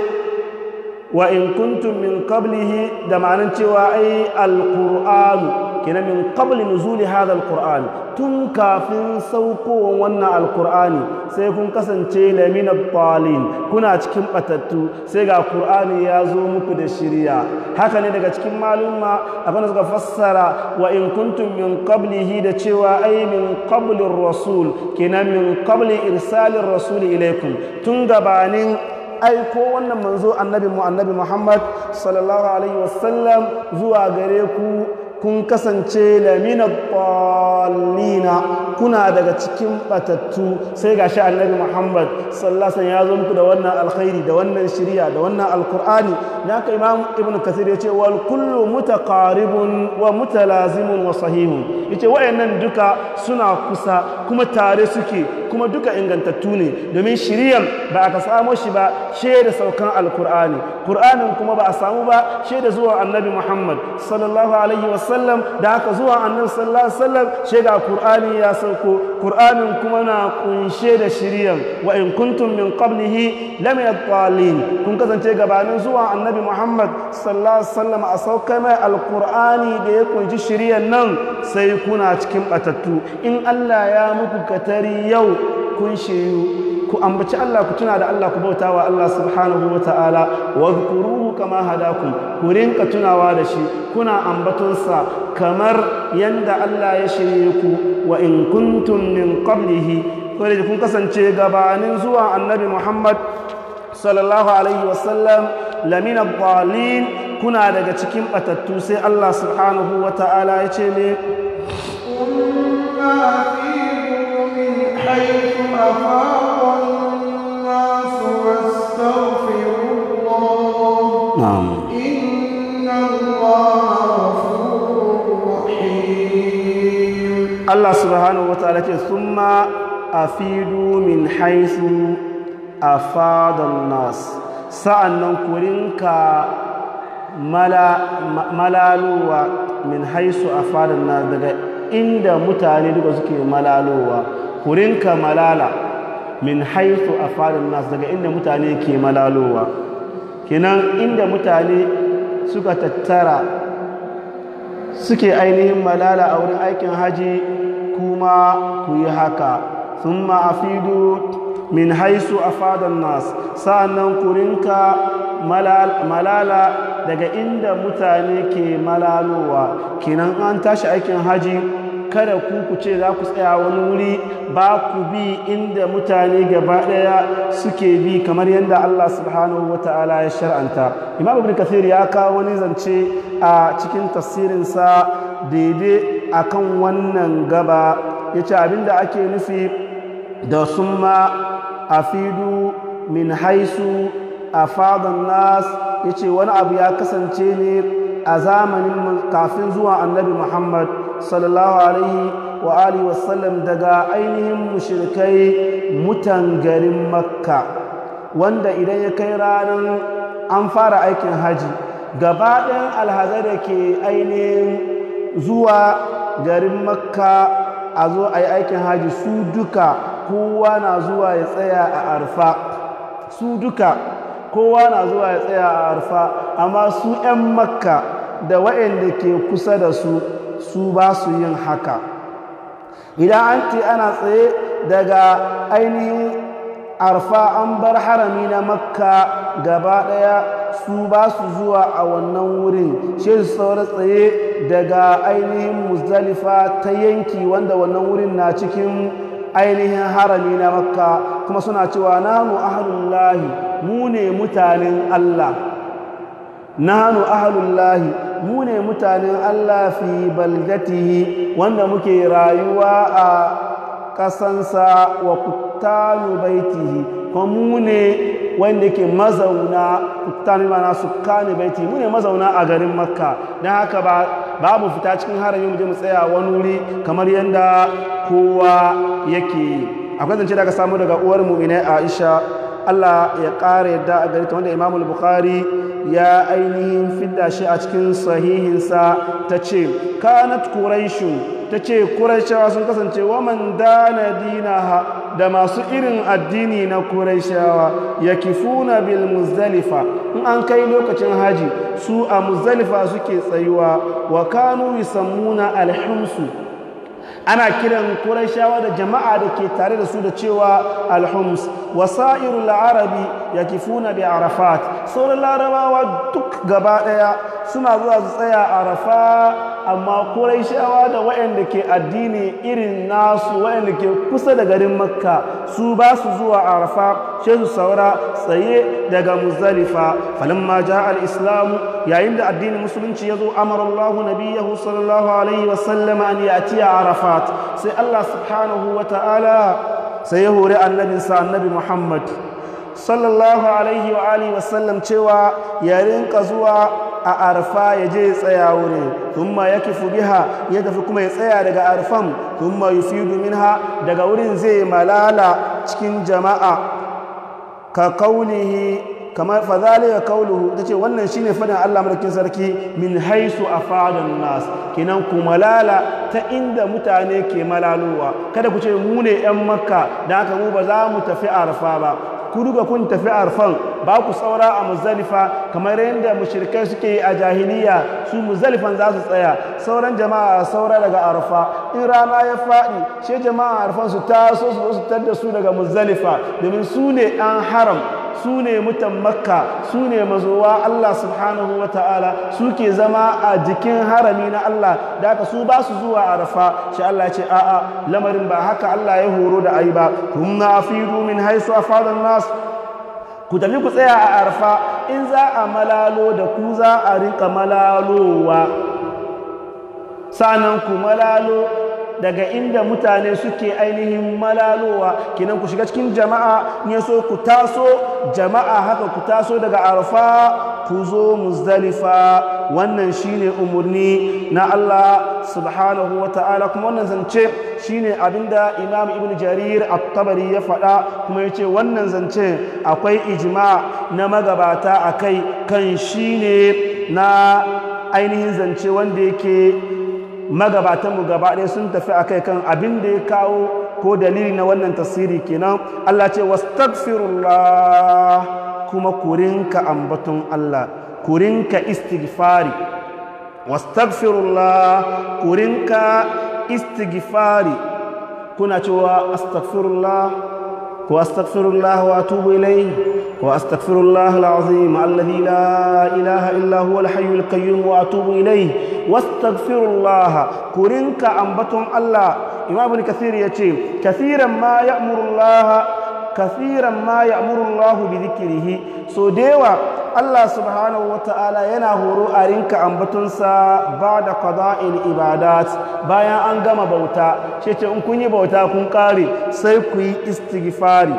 wa in kuntum min qablihi da ma'anan cewa ai alqur'anu kina min qabli nuzuli hadha alqur'an tun kafin saukowan wannan alqur'ani sai kun kasance lamina balin kuna cikin batattu sai ga qur'ani ya zo muku da shirya haka ne daga cikin malumma abin da suka fassara wa in kuntum min qablihi da cewa ai min qablir rasul kina min qabli irsalir rasul ilaikum tun gabanin aiko wannan manzo annabi mu annabi Muhammad sallallahu alaihi wasallam zuwa gare ku kun kasance lamina ƙwallina kuna daga cikin batattu sai ga shi annabi muhammad sallasan ya zo muku da wannan alkhairi da wannan shirya da wannan alkur'ani na ka imam ibn kasir ya ce wal kullu mutaqaribun wa lazimun wa sahihun yace wayannan duka suna kusa kuma tare suke kuma duka ingantattu ne domin shiryan ba a ka samo shi ba she da saukan alkur'ani kur'anin kuma ba a samu ba she da zuwa annabi muhammad sallallahu alaihi wa da haka zuwa annabi sallallahu alaihi wasallam she ga qur'ani ya sauko qur'anin kuma na kunshe da shiriyan wa in kuntum min qablihi lam yatalin kun kasance gabanin zuwa annabi muhammad sallallahu alaihi wasallam a sauka mai alqur'ani da ya kunshi shiriyan nan sai kuna cikin batattu in Allah ya muku katari yau kun shiryu ku ambaci Allah ku tuna da Allah ku wa Allah subhanahu wataala wadhkuruhu kama hadakum ku rinka tunawa da shi kuna ambatunsa kamar yanda Allah ya shirye ku wa in kuntum min qablihi kore kun kasance gabanin zuwa annabi Muhammad sallallahu alaihi wasallam lamina dhalin kuna daga cikin batattu sai Allah subhanahu ta'ala ya ce me Allah subhanahu wataala ce summa afidu min haisu afadan nas sa'annan ku rinka malalowa min haisu afadan nas daga inda mutane duka suke malalowa ku rinka malala min haisu afadan nas daga inda mutane ke malalowa kenan inda mutane suka tattara suke ainihin malala a wurin aikin haji kuma ku yi haka sun ma'afidu min haisu a fadon nas sa'annan ku rinka malala daga inda mutane ke malalowa kenan an tashi aikin haji kada ku ku ce za ku tsaya wani wuri ba ku bi inda mutane gaba daya suke bi kamar yadda Allah subhanahu wa ta'ala ya shar'anta imam ibn kathir ya kawo wani zance a cikin tafsirinsa daidai akan wannan gaba Ya yace abinda ake nufi da summa fidu min haisu a fadon nas Ya ce wani abu ya kasance ne a zamanin kafin zuwa annabi Muhammad sallallahu alaihi wa alihi wasallam daga ainihin mushirkai mutan garin Makka wanda idan ya kai ranar an fara aikin haji gabaɗin alhazar da ke ainihin zuwa garin makka a zo a yi aikin haji su duka kowa na zuwa ya tsaya a arfa su duka kowa na zuwa ya tsaya a arfa amma su 'yan makka da waɗanda ke kusa da su su ba su yin haka idan an ce ana tsaye daga ainihin arfa an bar harami na makka gaba ɗaya su ba su zuwa a wannan wurin shi saura tsaye daga ainihin muzdalifa ta yanki wanda wannan wurin na cikin ainihin harami na makka kuma suna cewa nanu ahalullahi mu ne mutanen allah nanu ahalullahi mu ne mutanen allah fi baldatihi wanda muke rayuwa a ƙasansa wa kuttalu baitihi ko mune wanda ke mazauna kuttalu mana sukkani baitihi mu mazauna a garin makka don haka ba babu fita cikin harami mu je mu tsaya wani wuri kamar yadda kowa yake yi akwai zance da aka samu daga uwar mu'minai Aisha Allah ya ƙara yadda a gari ta wanda Imamul Bukhari ya ainihin fidda shi a cikin sahihinsa ta ce, Kanat Quraishu ta ce, Quraishawa sun kasance wa man dana dinaha da masu irin addini na kuraishawa ya kifuna bil muzdalifa in an kai lokacin haji su a muzdalifa suke tsayuwa wa kanu yusammuna alhumsu. ana kiran kuraishawa da jama'a da ke tare da su da cewa alhums Wasa'iru la'arabi yakifuna bi arafat sauran larabawa duk gaba daya suna zuwa su tsaya arafa amma sha'awa da waɗanda ke addini irin nasu waɗanda ke kusa da garin Makka su ba su zuwa Arafa sai su saura tsaye daga muzalifa. falin ma al-islam yayin da addinin musulunci yazo zo Amarallahu nabiyahu sallallahu alaihi wa sallam an a Arafat sai Allah subhanahu wa ta'ala sai ya hori annabinsa annabi Muhammad sallallahu alaihi wa alihi wa sallam cewa ya rinka zuwa a arfa ya je tsaya wuri wurin ya kifu biha ya tafi kuma ya tsaya daga arfan fi yufidu minha daga wurin zai malala cikin jama'a ka kaulihi kamar fadhalika ta ce wannan shine faɗin Allah mulkin sarki min haisu a fadin nas kenan ku malala ta inda mutane ke malalowa kada ku ce mu ne yan makka da aka mu ba za mu tafi arfa ba ku duka kun tafi arfan ba ku saura a muzalifa kamar yadda mushrikai suke yi a jahiliya su muzalifan za su tsaya sauran jama'a saura daga arfa in rana ya faɗi shi jama'a arfan su taso su zo da su daga muzalifa domin su ne ɗan haram su ne mutan makka su ne mazowa Allah subhanahu wa ta'ala Su ke zama a jikin harami na Allah da aka su ba su zuwa arafa shi Allah ce a'a lamarin ba haka Allah ya horo da ayi ba na afidu min haisu a fadar nasu? ku tafi ku tsaya a arafa in za a malalo da ku za a rinka malalowa sanan ku malalo daga inda mutane suke ainihin malalowa Kinan ku shiga cikin jama'a ne so ku taso jama'a haka ku taso daga arfa ku zo muzdalifa wannan shine umurni na Allah subhanahu wa ta'ala kuma wannan zance shine abinda imam ibn jarir at-tabari ya faɗa kuma ya ce wannan zance akwai ijima na magabata a kai kan shine na ainihin zance wanda yake magabatanmu gaba ɗaya sun tafi a kai kan abin da ya kawo ko dalili na wannan tasiri kenan Allah ce wastagfirullah kuma kurinka ambaton Allah kurinka istighfari wastagfirullah kurinka istighfari kuna cewa astaghfirullah ko astaghfirullah wa atubu ilayhi وأستغفر الله العظيم الذي لا إله إلا هو الحي القيوم وأتوب إليه واستغفر الله كرنك أنبتهم الله إمام ابن كثير يتيم كثيرا ما يأمر الله كثيرا ما يأمر الله بذكره سو الله سبحانه وتعالى ينهر أرنك أنبتنسا بعد قضاء الإبادات بايا أنقم بوتا شيء أنكني بوتا كنكاري سيكوي استغفاري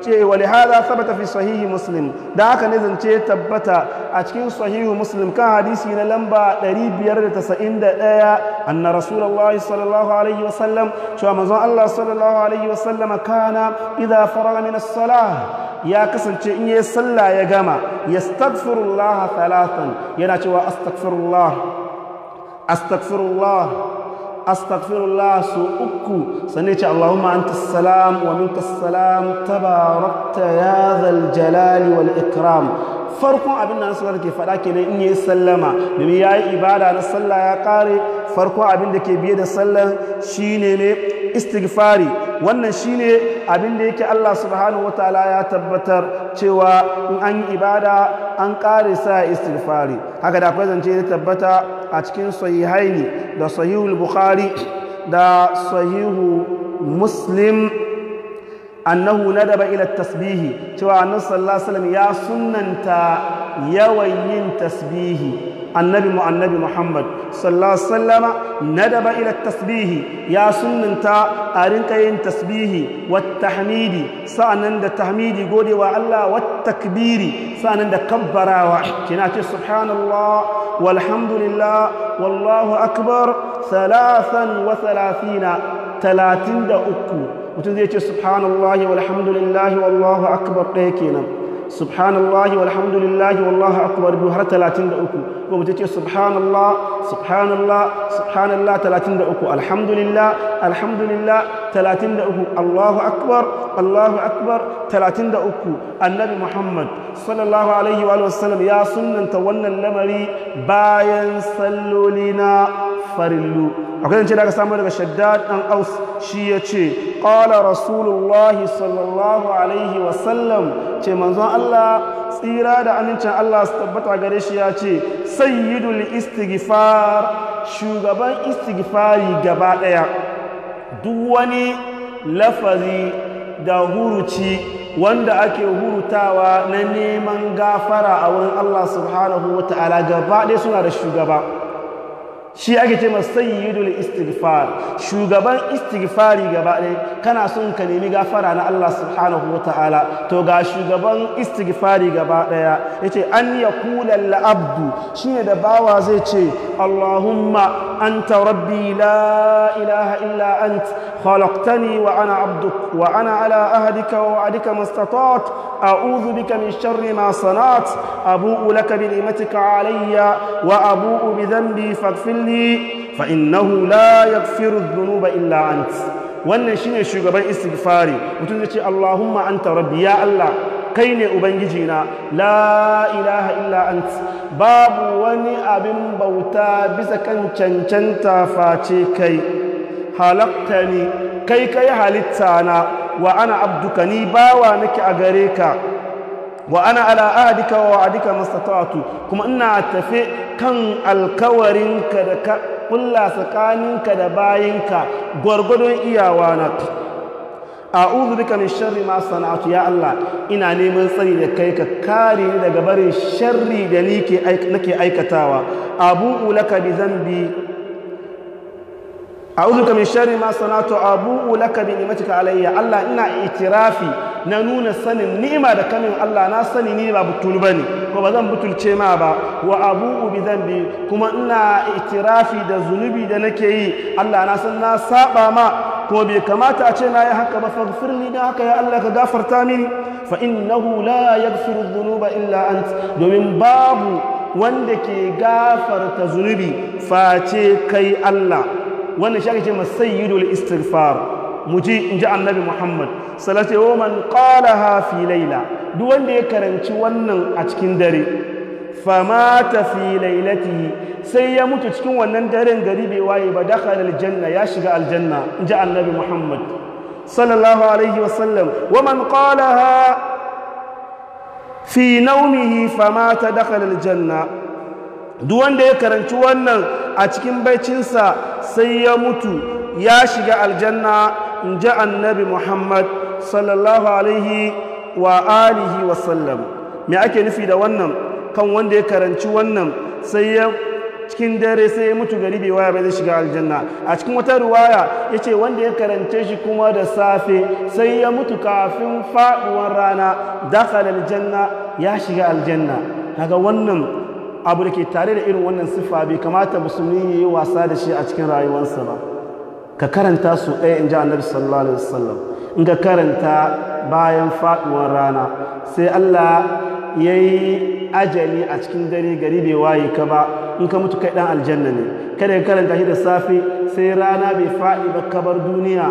ce wali hada sabata fi sahihi muslim da haka ne zance tabbata a cikin sahihi muslim kan hadisi na lamba 591 anna rasulullahi sallallahu alaihi wasallam cewa manzon Allah sallallahu alaihi wasallam kana idza faraga min as-salah ya kasance in yayi sallah ya gama yastaghfirullah thalathan yana cewa astaghfirullah astaghfirullah astagfirullah su uku sannan ce Allahumma anta salam wa minka tabarakta ya zal jalali wal ikram farkon abin da nasarar ke faɗa kenan in yi sallama domin ya yi ibada na sallah ya ƙare farkon abin da ke biye da sallar shine ne istighfari wannan shine abin da yake Allah subhanahu wataala ya tabbatar cewa in an yi ibada an ƙare sa istighfari haka da zance ya tabbata a cikin sahihaini da sahihul bukhari da sahihu muslim annahu nadaba ila tasbihi cewa annabi sallallahu alaihi wasallam ya sunnanta yawan yin tasbihi annabi mu annabi muhammad sallallahu alaihi wasallama nadaba ila tasbihi ya sunnanta a rinka yin tasbihi wat tahmidi sa'annan da tahmidi wa Allah wat takbiri sa'annan da kabbarawa kina ce subhanallah walhamdulillah wallahu akbar thalathan wa thalathina 33 وتذيك سبحان الله والحمد لله والله أكبر قيكينا سبحان الله والحمد لله والله أكبر بوهرة ثلاثين دعوكو وتذيك سبحان الله سبحان الله سبحان الله ثلاثين دعوكو الحمد لله الحمد لله ثلاثين دعوكو الله أكبر الله أكبر ثلاثين دعوكو النبي محمد صلى الله عليه وآله وسلم يا سنة ونن لمري باين صلوا لنا فرلو akwai ce da aka samu daga shaddad dan aus shi ya ce ƙala rasulullahi sallallahu alaihi wasallam ce manzon allah tsira da amincin allah su tabbata gare shi ya ce sayyidul istighfar shugaban istighfari gaba ɗaya duk wani lafazi da huruci wanda ake hurutawa na neman gafara a wurin Allah subhanahu wa ta'ala gaba ɗaya suna da shugaba shi ake ce yi dole istighfar shugaban istighfari gaba ɗaya kana son ka nemi gafara na Allah subhanahu wa ta'ala to ga shugaban istighfari gaba ɗaya yace an kulan la'abdu abdu ne da bawa zai ce Allahumma anta rabbi la ilaha illa anta خلقتني وأنا عبدك وأنا على أهدك ووعدك ما استطعت أعوذ بك من شر ما صنعت أبوء لك بنعمتك علي وأبوء بذنبي فاغفر لي فإنه لا يغفر الذنوب إلا أنت wannan shine shugaban istighfari mutum zai ce Allahumma anta rabbi ya Allah kai ne ubangijina la ilaha illa ant babu wani abin bauta bisa kan cancanta face kai halaktani kai yi halitta na wa ana abduka ni bawa nake a gare ka wa ana ala ahdika wa mastata'tu kuma ina tafe kan alkawarinka da ka kulla tsakaninka da bayinka gwargwadon iyawa na a'udhu duka min sharri ma sana'tu ya Allah ina neman tsari da kai ka kare ni daga barin sharri da nake aikatawa abu'u zan bi zambi A ka min sharri ma sanatu abu'u laka bi ni'matika alayya Allah ina itirafi na nuna sanin ni'ima da kamin Allah na sani ni ba butul bane ko ba zan butulce ma ba wa abu'u bi dhanbi kuma ina itirafi da zunubi da nake yi Allah na san na saba ma Ko bai kamata a ce na yi haka ba faghfirni dan haka ya Allah ka gafarta mini fa innahu la yaghfiru dhunuba illa ant domin babu wanda ke gafarta zunubi face kai Allah wannan shi ake ce masayyidul istighfar mu ji in ji annabi muhammad salatu wa man qalaha fi layla duk wanda ya karanci wannan a cikin dare famata fi lailatihi sai ya mutu cikin wannan daren gari bai waye ba dakhala aljanna ya shiga aljanna inji annabi muhammad sallallahu alaihi wa sallam wa man qalaha fi naumihi famata dakhala aljanna duk wanda ya karanci wannan a cikin baicinsa sai ya mutu ya shiga aljanna in ji annabi muhammad sallallahu alaihi wa alihi wasallam me ake nufi da wannan kan wanda ya karanci wannan sai ya cikin dare sai ya mutu gari bai waya bai zai shiga aljanna a cikin wata ruwaya ya ce wanda ya karance shi kuma da safe sai ya mutu kafin faɗuwar rana dakalar aljanna ya shiga aljanna daga wannan abu da ke tare da irin wannan siffa bai kamata musulmi ya yi wasa da shi a cikin rayuwarsa ba ka karanta su ɗaya in ji annabi sallallahu alaihi wasallam in ka karanta bayan faɗuwar rana sai allah ya yi ajali a cikin dare gari bai waye ka ba in ka mutu kai ɗan aljanna ne kada ka karanta shi da safe sai rana bai faɗi ba kabar duniya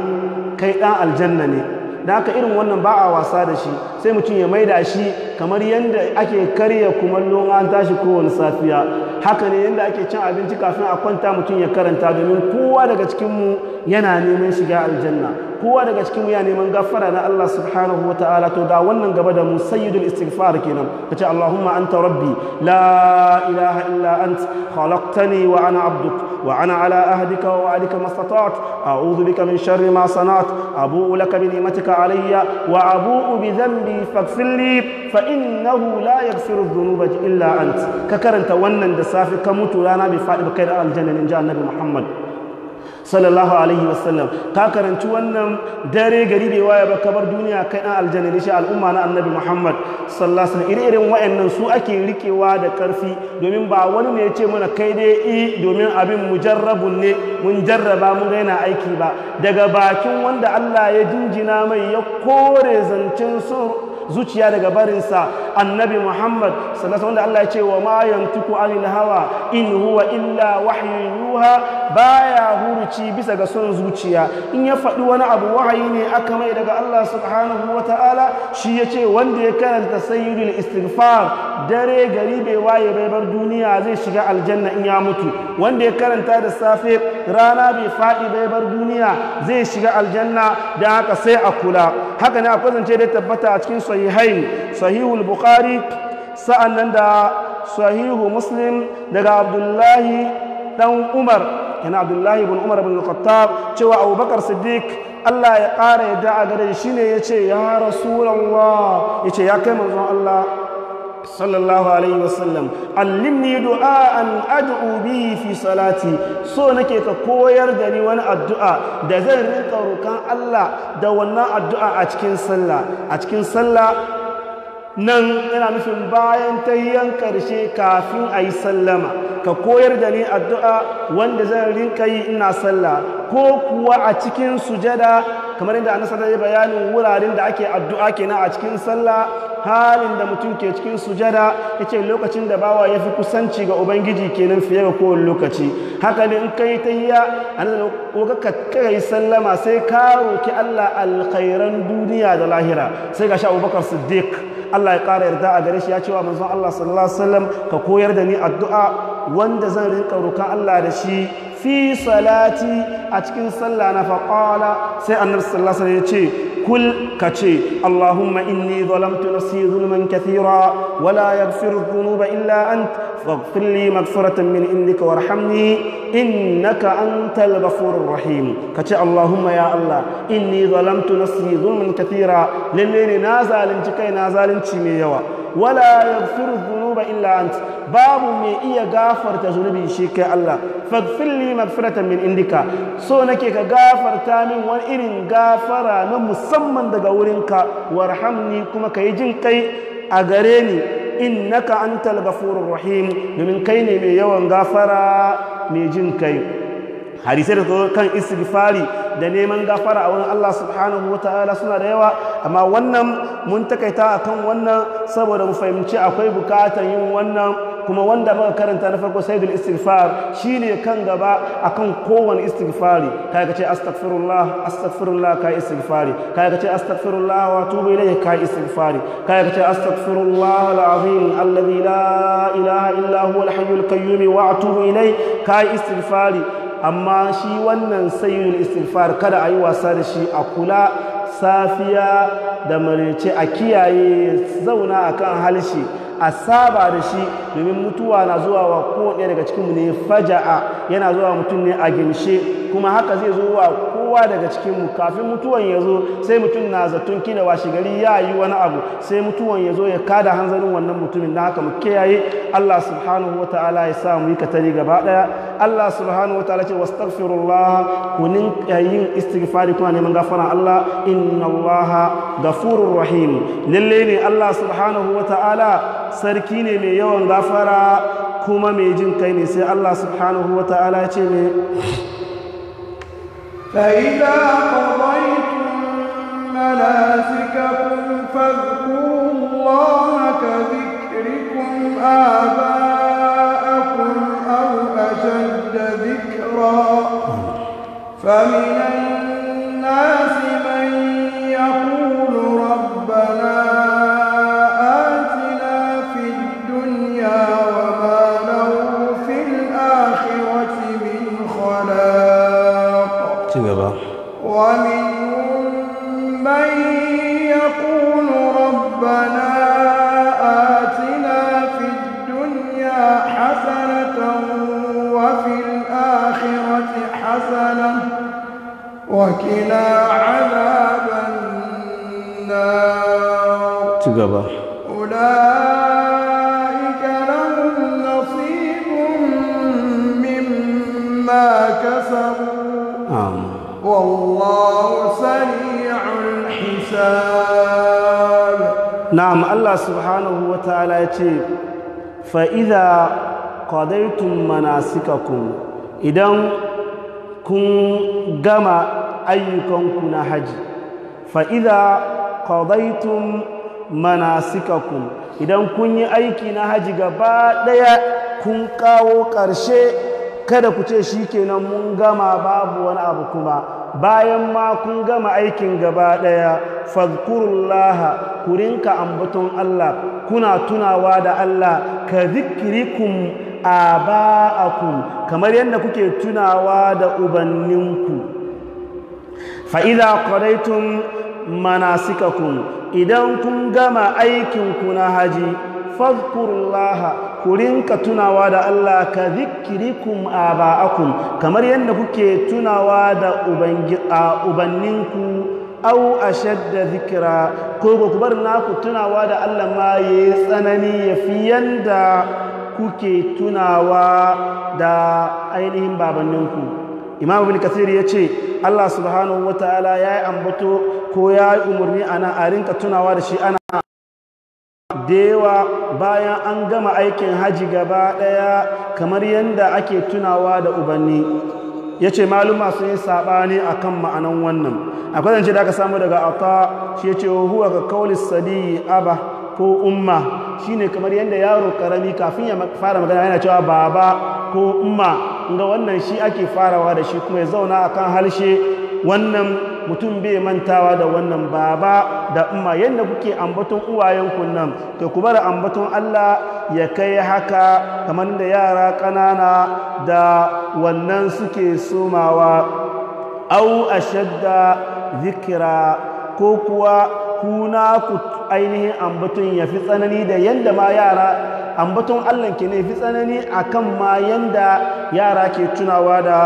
kai ɗan aljanna ne da haka irin wannan ba a wasa da shi sai mutum ya maida shi kamar yadda ake karya kumallo an tashi kowane safiya haka ne yadda ake cin abinci kafin a kwanta mutum ya karanta domin kowa daga cikinmu yana neman shiga aljanna kowa daga cikin ya neman gafara na Allah subhanahu wa ta'ala to da wannan gaba da mu sayyidul istighfar kenan kace Allahumma anta rabbi la ilaha illa ant khalaqtani wa ana abduk wa ana ala ahdika wa wa'dika mastata'at a'udhu bika min sharri ma sana'at abu'u laka bi ni'matika alayya wa abu'u bi dhanbi faghfir li fa innahu la yaghfiru dhunuba illa ant ka karanta wannan da safi ka mutu rana bai fadi ba kai da aljanna in ji annabi Muhammad sallallahu alaihi wasallam ka karanci wannan dare gari bai waya ba kabar duniya kai dan aljanna ne shi al'umma na annabi muhammad sallallahu alaihi wasallam irin wayannan su ake rikewa da karfi domin ba wani ne ya ce mana kai dai i domin abin mujarrabun ne mun jarraba mun ga yana aiki ba daga bakin wanda Allah ya jinjina mai ya kore zancen su zuciya daga barinsa annabi muhammad sannan wanda allah ya ce wa ma tuku anil hawa in huwa illa wahyun yuha ba ya huruci bisa ga son zuciya in ya faɗi wani abu wahayi ne aka mai daga allah subhanahu wa ta'ala shi ya ce wanda ya karanta sayyidul istighfar dare gari bai waye bai bar duniya zai shiga aljanna in ya mutu wanda ya karanta da safe rana bai faɗi bai bar duniya zai shiga aljanna da haka sai a kula haka ne akwai zance da tabbata a cikin sahihain sahihul bukhari sa'annan da sahihu muslim daga abdullahi dan umar yana abdullahi bin umar bin al cewa abubakar siddiq allah ya ƙara yadda a gare shi ne ya ce ya rasulallah ya ce ya kai manzon allah sallallahu alaihi wasallam allimni du'a an ad'u bi fi salati so nake ka koyar da ni wani addu'a da zan rinka rukan Allah da wannan addu'a a cikin sallah a cikin sallah nan yana nufin bayan tayyan karshe kafin a yi sallama ka koyar da ni addu'a wanda zan rinka yi ina sallah ko kuwa a cikin sujada kamar yadda an nasarar bayanin wuraren da ake addu'a kenan a cikin sallah halin da mutum ke cikin sujada ya ce lokacin da bawa ya fi kusanci ga ubangiji kenan fiye ga kowane lokaci haka ne in kai tahiyya annabi ko ka kai sallama sai ka roki Allah alkhairan duniya da lahira sai ga sha Abubakar Siddiq Allah ya ƙara yarda a gare shi ya ce wa manzon Allah sallallahu alaihi wasallam ka koyar da ni addu'a wanda zan rinka roƙan Allah da shi في صلاتي أتكن صلى أنا فقال سأن رسول الله صلى الله عليه وسلم كل كشي اللهم إني ظلمت نفسي ظلما كثيرا ولا يغفر الذنوب إلا أنت فاغفر لي مغفرة من عندك وارحمني إنك أنت الغفور الرحيم كشي اللهم يا الله إني ظلمت نفسي ظلما كثيرا للي نازل انتكي نازل انتكي wala yaghfiru dhunuba illa ant babu mai iya gafarta zunubi shi kai Allah faghfir li maghfiratan min indika so nake ka gafarta min wani irin gafara na musamman daga wurinka warhamni kuma kai jin kai a gare ni innaka antal ghafurur rahim domin kai ne mai yawan gafara mai jin kai hadisai da zo kan istighfari da neman gafara a wurin Allah subhanahu ta'ala suna da yawa amma wannan mun takaita kan wannan saboda mu fahimci akwai bukatar yin wannan kuma wanda muka karanta na farko sayyidul istighfar shine kan gaba akan kowane istighfari kai ka ce astaghfirullah astaghfirullah kai istighfari kai ka ce astaghfirullah wa tubu ilayhi kai istighfari kai ka ce astaghfirullah alazim alladhi la ilaha illa huwa alhayyul qayyum wa atubu ilayhi kai istighfari amma shi wannan sayyul istighfar kada a yi wasa da shi a kula safiya da marece a kiyaye zauna akan halshe a saba da shi domin mutuwa na zuwa wa kowane daga cikinmu ne faja'a yana zuwa mutum ne a ginshe kuma haka zai zo wa kowa daga cikinmu kafin mutuwan ya zo sai mutum na zaton kila washe gari ya yi wani abu sai mutuwan ya zo ya kada hanzarin wannan mutumin na haka mu kiyaye Allah subhanahu wa ta'ala ya sa mu yi katari gaba daya Allah subhanahu wa ta'ala ce wastaghfirullah kunin yin istighfari kuna neman gafara Allah inna Allah ghafurur rahim lalle ne Allah subhanahu wa ta'ala sarki ne mai yawan gafara kuma mai jin kai ne sai Allah subhanahu wa ta'ala ce ne فإذا قضيتم مناسككم فاذكروا الله كذكركم آباءكم أو أشد ذكرا فمن الناس من يقول وكنا عذاب النار أولئك لهم نصيب مما كسبوا والله سريع الحساب نعم الله سبحانه وتعالى يتيب فإذا قضيتم مناسككم إذا كن جمع ayyukanku na haji fa'iza ƙadaitun manasikakum idan kun yi aiki na haji gaba ɗaya kun kawo ƙarshe kada ku ce shi kenan mun gama babu wani abu kuma bayan ma kun gama aikin gaba ɗaya fadkurullaha ku rinka ambaton Allah kuna tunawa da Allah ka zikirikum a ba'akum kamar yadda kuke tunawa da ubanninku fa'iza manasika kun idan kun gama aikinku na haji fadkurullaha ku rinka tunawa da Allah ka zikirikum a ba'akun kamar yadda kuke tunawa da ubanninku au a shadda zikira ko ku bar naku tunawa da Allah ma ya yi tsanani ya fi yadda kuke tunawa da ainihin babanninku imam ibn kasir ya ce allah subhanahu wa ta'ala ya yi ambato ko ya yi umarni ana a rinka tunawa da shi ana da yawa bayan an gama aikin haji gaba daya kamar yadda ake tunawa da ubanni ya ce maluma sun yi saɓani a kan ma'anan wannan a kwatance da aka samu daga ata shi ya ce huwa ga kaulis sadi aba ko umma shine kamar yadda yaro karami kafin ya fara magana yana cewa baba ko umma ga wannan shi ake farawa da shi kuma ya zauna a kan harshe wannan mutum bai mantawa da wannan baba da umma yadda kuke ambaton uwayenku nan to ku bar ambaton Allah ya kai haka kamar da yara ƙanana da wannan suke somawa au ashadda zikira ko kuwa kuna ku ainihin ambaton ya fi tsanani da yanda ma yara ambaton Allah ke ne fi tsanani akan ma yanda yara ke tunawa da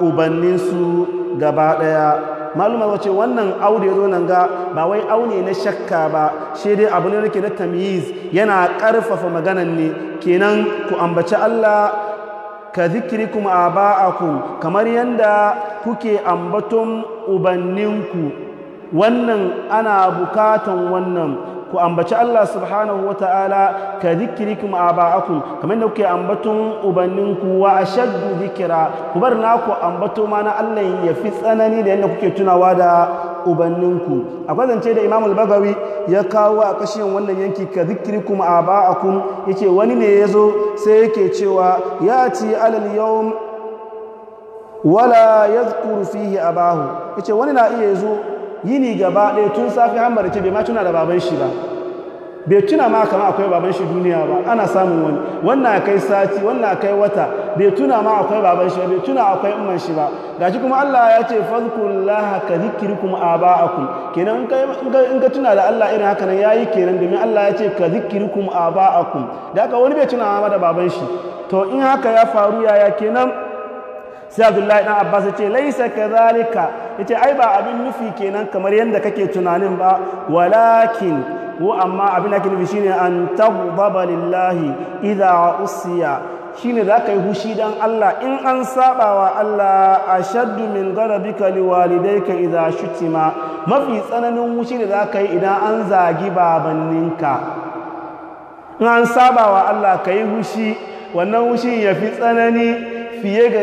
ubanninsu gaba daya maluma wace wannan aure zo nan ga ba wai aune na shakka ba shi dai abu ne yake na tamyiz yana karfafa maganan ne kenan ku ambaci Allah ka zikirikum aba'akum kamar yanda kuke ambaton ubanninku wannan ana bukatan wannan ku ambaci Allah subhanahu ta'ala ka zikirikum aba'akum kamar da kuke ambaton ubanninku wa ashaddu zikira ku bar naku ambato ma na Allah ya fi tsanani da yadda kuke tunawa da ubanninku A kwazance da Imam al-Bagawi ya kawo a kashin wannan yanki ka zikirikum aba'akum yace wani ne yazo sai yake cewa ya ci alal yawm wala yadhkuru fihi abahu yace wani na iya yazo yini gaba ɗaya tun safi har marace bai ma tuna da baban shi ba bai tuna ma kama akwai baban shi duniya ba ana samun wani wannan kai sati wannan kai wata bai tuna ma akwai baban shi ba bai tuna akwai umman shi ba gashi kuma Allah ya ce fazkullaha ka zikirkum aba'akum kenan in ka tuna da Allah irin haka nan yayi kenan domin Allah ya ce ka zikirkum aba'akum da aka wani bai tuna ma da baban shi to in haka ya faru yaya kenan sai abdullahi dan abbas ya ce laisa kadhalika yace ai ba abin nufi kenan kamar yadda kake tunanin ba walakin ko amma abin da ke nufi shine an taghdaba lillahi idha usiya shine za ka yi hushi dan Allah in an saba wa Allah ashaddu min ghadabika liwalidayka idha shutima mafi tsananin hushi da za ka yi idan an zagi babanninka in an saba wa Allah ka yi hushi wannan hushin ya fi tsanani fiye ga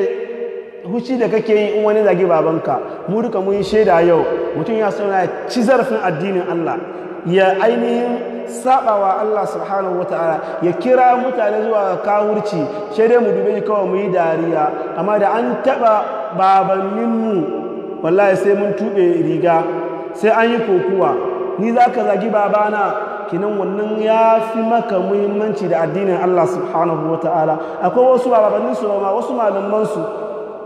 hushi da kake yi in wani zage babanka mu duka mun shaida yau mutum ya sauna ya ci zarafin addinin Allah ya ainihin sabawa Allah subhanahu wataala ya kira mutane zuwa kawurci sai dai mu dube kawai mu yi dariya amma da an taba babanninmu wallahi sai mun tube riga sai an yi kokuwa ni za ka zagi babana kinan wannan ya fi maka muhimmanci da addinin Allah subhanahu wa ta'ala akwai wasu babanninsu ba wasu malamansu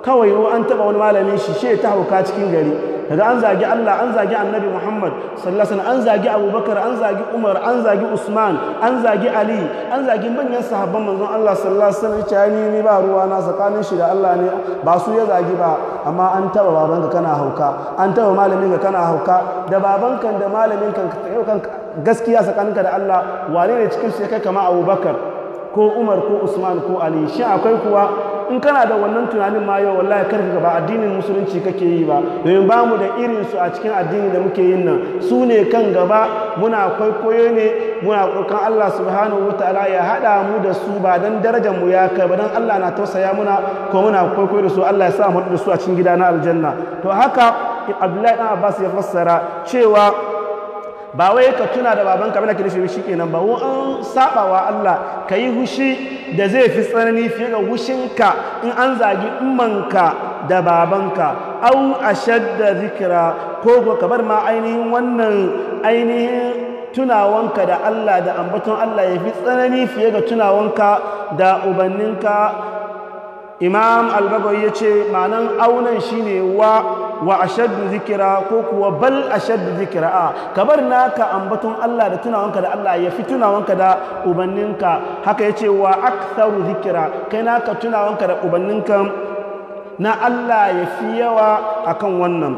kawai wa an taba wani malami shi shi ta hauka cikin gari daga an zagi Allah an zagi Annabi Muhammad sallallahu alaihi an zagi Abubakar an zagi Umar an zagi Usman an zagi Ali an zagi manyan sahabban manzon Allah sallallahu alaihi wasallam ni ba ruwa na tsakanin shi da Allah ne ba su ya zagi ba amma an taba ka kana hauka an taba malamin ka kana hauka da baban kan da malamin ka gaskiya tsakaninka da Allah wane ne cikin shi kai kama Abubakar ko Umar ko Usman ko Ali shi akwai kuwa in kana da wannan tunanin ma yau wallahi karfi ba addinin musulunci kake yi ba domin ba mu da irin su a cikin addini da muke yin nan su ne kan gaba muna kwaikwayo ne muna kokan Allah subhanahu wataala ya hada mu da su ba dan darajar mu ya kai ba dan Allah na tausaya muna ko muna kwaikwayo da su Allah ya sa mu da su a cikin gida na aljanna to haka Abdullahi dan Abbas ya fassara cewa ba wai ka tuna da babanka bane ka nufi shi kenan ba an wa Allah ka yi hushi da zai fi tsanani fiye da hushinka in an zagi ummanka da babanka au ashadda zikira ko ko ka bar ma ainihin wannan ainihin tunawanka da Allah da ambaton Allah ya fi tsanani fiye da tunawanka da ubanninka imam albagawai ya ce ma'anan aunan shine wa wa ashaddu zikira ko kuwa bal ashaddu zikira a kabar naka ambaton Allah da tunawanka da Allah ya fi tunawanka da ubanninka haka ya ce wa aktharu zikira kai naka tunawanka da ubanninka na Allah ya fi yawa akan wannan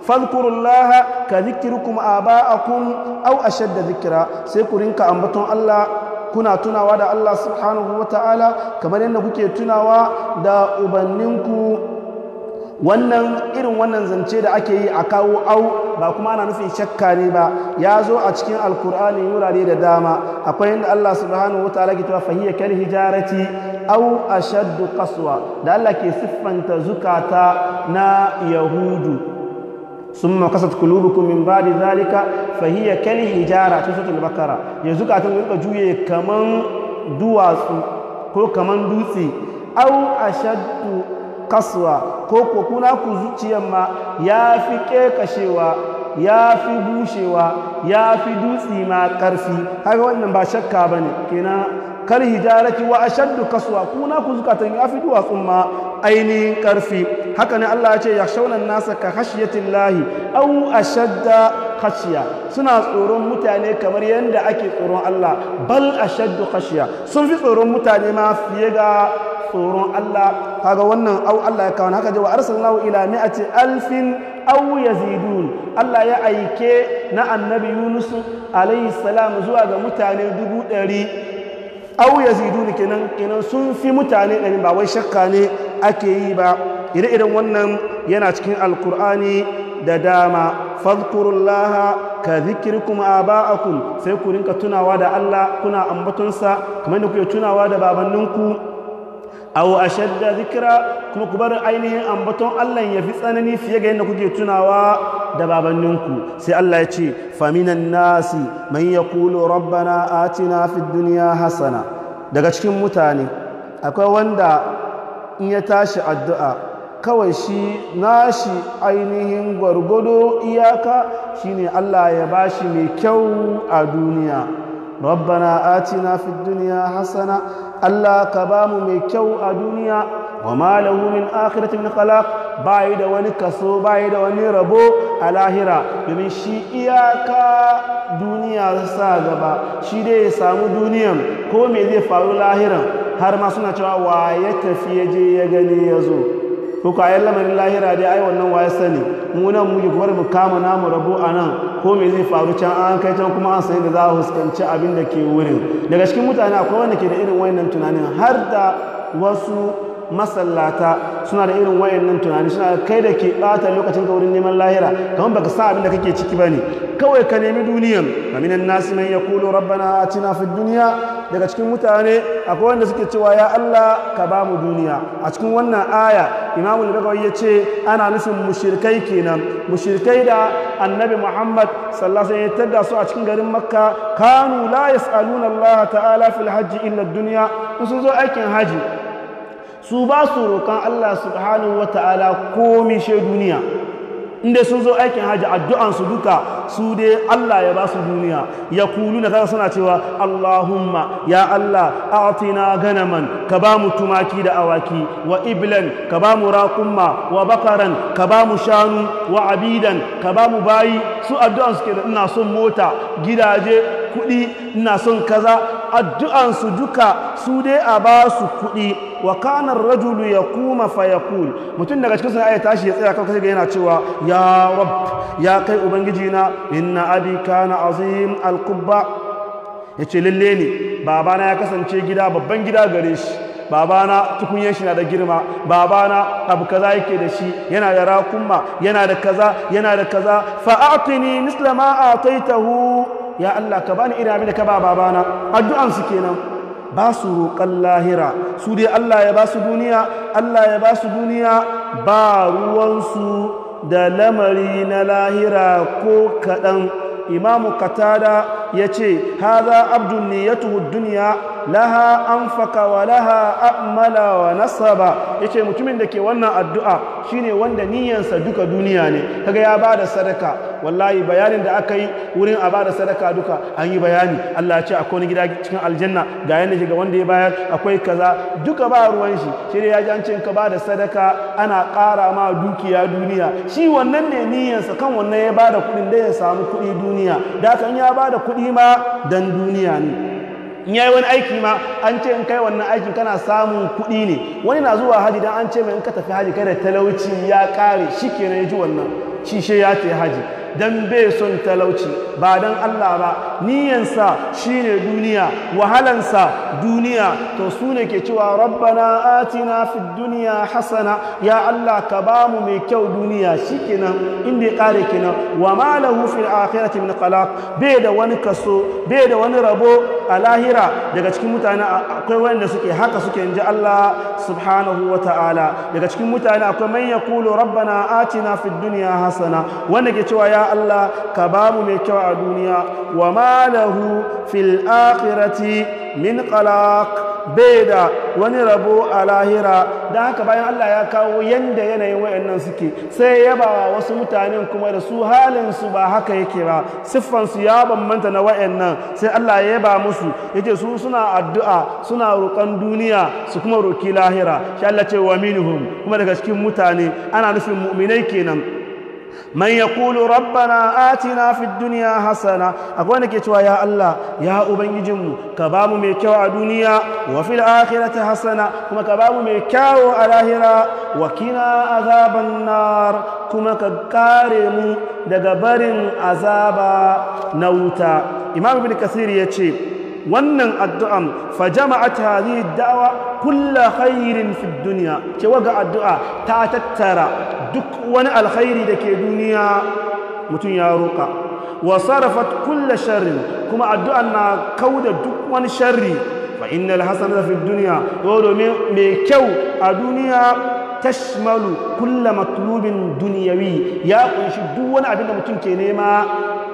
fadhkuru Allah ka zikirkum aba'akum aw ashadda zikira sai ku rinka ambaton Allah kuna tunawa da Allah subhanahu wa ta'ala kamar yadda kuke tunawa da ubanninku wannan irin wannan zance da ake yi a kawo au ba kuma ana nufin shakka ne ba ya zo a cikin alkur'ani wurare da dama akwai yadda Allah subhanahu wataala ke cewa fahiyar kyar hijarati au a shaddu kasuwa. da Allah ke siffanta zukata na yahudu summa kasat qulubukum min ba'di zalika fa hiya kal hijara ta suratul bakara yanzu ka tun rinka juye kaman duwatsu ko kaman dutse au ashaddu kaswa ko ko kuna ku zuciyar ma ya fi kekashewa ya fi bushewa ya fi dutse ma karfi haka wannan ba shakka bane kenan kar hijarati wa ashaddu kaswa kuna ku zukatan ya fi duwatsun ma ainihin ƙarfi haka ne Allah ya ce ya shaunan nasa ka hashiyatin lahi au a shadda hashiya suna tsoron mutane kamar yadda ake tsoron Allah bal a ashaddu hashiya sun fi tsoron mutane ma fiye ga tsoron Allah kaga wannan au Allah ya kawo haka jawa wa ila mi'ati alfin au yazidun Allah ya aike na annabi Yunus alayhi salam zuwa ga mutane dubu ɗari au yaziduna kenan kenan sun fi mutane ɗari ba wai shakka ne ake yi ba ire-iren wannan yana cikin alkur'ani da dama fadkurullaha ka zikirkum aba'akum sai ku rinka tunawa da Allah kuna ambatonsa kamar da kuke tunawa da babanninku aw ashadda zikira kuma ku bar ainihin ambaton Allah ya fi tsanani fiye ga yadda kuke tunawa da babanninku sai Allah ya ce faminan nasi man yaqulu rabbana atina fid dunya hasana daga cikin mutane akwai wanda in ya tashi addu'a kawai shi nashi ainihin gwargwado iyaka shine Allah ya bashi mai kyau a duniya rabbana atina fid dunya Hassana, Allah ka ba mu mai kyau a duniya wa ma lahu min akhirati min da wani kaso bai da wani rabo a lahira domin shi iyaka duniya sa gaba shi dai ya samu duniyan ko me zai faru lahiran har ma suna cewa wa ya tafi yaje ya gani ya zo ko ka yalla mai lahira dai ai wannan waye sani mu nan mu bar mu kama namu rabu a nan ko me zai faru can an kai can kuma an sani da za a huskanci abin da ke wurin daga cikin mutane akwai wanda ke da irin wayannan tunanin har da wasu masallata suna da irin wayannan tunani suna kai da ke bata lokacin ka wurin neman lahira kamar baka sa abin da kake ciki bane kawai ka nemi duniyan aminan nasi man yaqulu rabbana atina fid dunya daga cikin mutane akwai wanda suke cewa ya Allah ka ba mu duniya a cikin wannan aya imamu al-bagawi ya ce ana nufin mushirkai kenan mushirkai da annabi muhammad sallallahu alaihi wasallam ya su a cikin garin makka kanu la yasaluna Allah ta'ala fil hajji illa dunya sun zo aikin haji su ba su roƙon Allah subhanahu wa ta'ala komi shi duniya inda sun zo aikin hajji addu'ansu duka su dai Allah ya ba su duniya ya kulu na kasa suna cewa Allahumma ya Allah a atina ganaman ka ba mu tumaki da awaki wa iblen ka ba mu rakunma wa bakaran ka ba mu shanu wa abidan ka ba mu bayi su addu'an ke da ina son mota gidaje kudi, ina son kaza addu'ansu duka su dai a ba su kuɗi wa kanar rajulu ya kuma fayakul mutum daga cikin suna ya tashi ya tsaya kawai yana cewa ya rab ya kai ubangiji na inna abi kana azim alkubba ya ce lalle ne babana ya kasance gida babban gida gare shi babana tukunyen shi na da girma babana abu kaza yake da shi yana da rakunma yana da kaza yana da kaza fa'atini misla ataitahu ya Allah ka bani irin abin da ka ba babana addu'an su kenan ba su roƙon lahira su dai Allah ya ba su duniya Allah ya ba su duniya ba ruwansu da lamari na lahira ko kaɗan imamu katada ya ce haza abdun ne ya tuhu duniya laha anfaka wa laha a'mala wa nasaba yace mutumin da ke wannan addu'a shine wanda niyyansa duka duniya ne kaga ya bada sadaka wallahi bayanin da aka yi wurin a bada sadaka duka an yi bayani Allah ya ce akwai gida cikin aljanna ga yanda shiga wanda ya bayar akwai kaza duka ba ruwan shi shi ya ji an ce ka bada sadaka ana ƙara ma dukiya duniya shi wannan ne niyyansa kan wannan ya bada kuɗin da ya samu kuɗi duniya da kan ya bada kuɗi ma dan duniya ne in yayi wani aiki ma an ce in kai wannan aikin kana samun kuɗi ne wani na zuwa haji dan an ce mai in ka tafi haji kada talauci ya kare shi shikenan ya ji wannan shi she ya ce haji Dan bai son talauci ba dan Allah ba niyansa shine duniya wahalansa duniya to su ne ke cewa rabbana atina fi duniya hasana ya Allah ka ba mu mai kyau duniya shi kenan inda ya kare kenan wa ma lahu fil akhirati min qalaq bai da wani kaso bai da wani rabo a lahira daga cikin mutane akwai wanda suke haka suke inji Allah subhanahu wa ta'ala daga cikin mutane akwai man yaqulu rabbana atina fid dunya hasana wanda ke cewa ya Allah ka ba mu mai kyau a duniya wa malahu fil akhirati min qalaq wani rabo a lahira da haka bayan Allah ya kawo yanda yanayin wayannan suke sai ya ba wasu mutanen kuma da su halin su ba haka yake ba siffan su ya bambanta na wayannan sai Allah ya ba musu yace su suna addu'a suna roƙon duniya su kuma roki lahira shi Allah ce wa minhum kuma daga cikin mutane ana nufin mu'minai kenan man yaqulu rabbana atina fid dunya hasana akwai wanda ke cewa ya Allah ya ubangijinmu ka bamu mai kyau a duniya wa fil akhirati hasana kuma ka bamu mai kyau a lahira wa kina azaban kuma ka kare mu daga barin azaba na wuta imam ibn kasir yace wannan addu'an fajama'at hadhihi da'wa kullu khairin fid dunya cewa ga addu'a ta tattara duk wani alkhairi da ke duniya mutum ya roƙa wa sarrafat kulla sharrin kuma addu'an na kauda duk wani sharri fa innal hasanata fid dunya to domin mai kyau a duniya tashmalu kulla matlubin dunyawi ya kunshi duk wani abin da mutum ke nema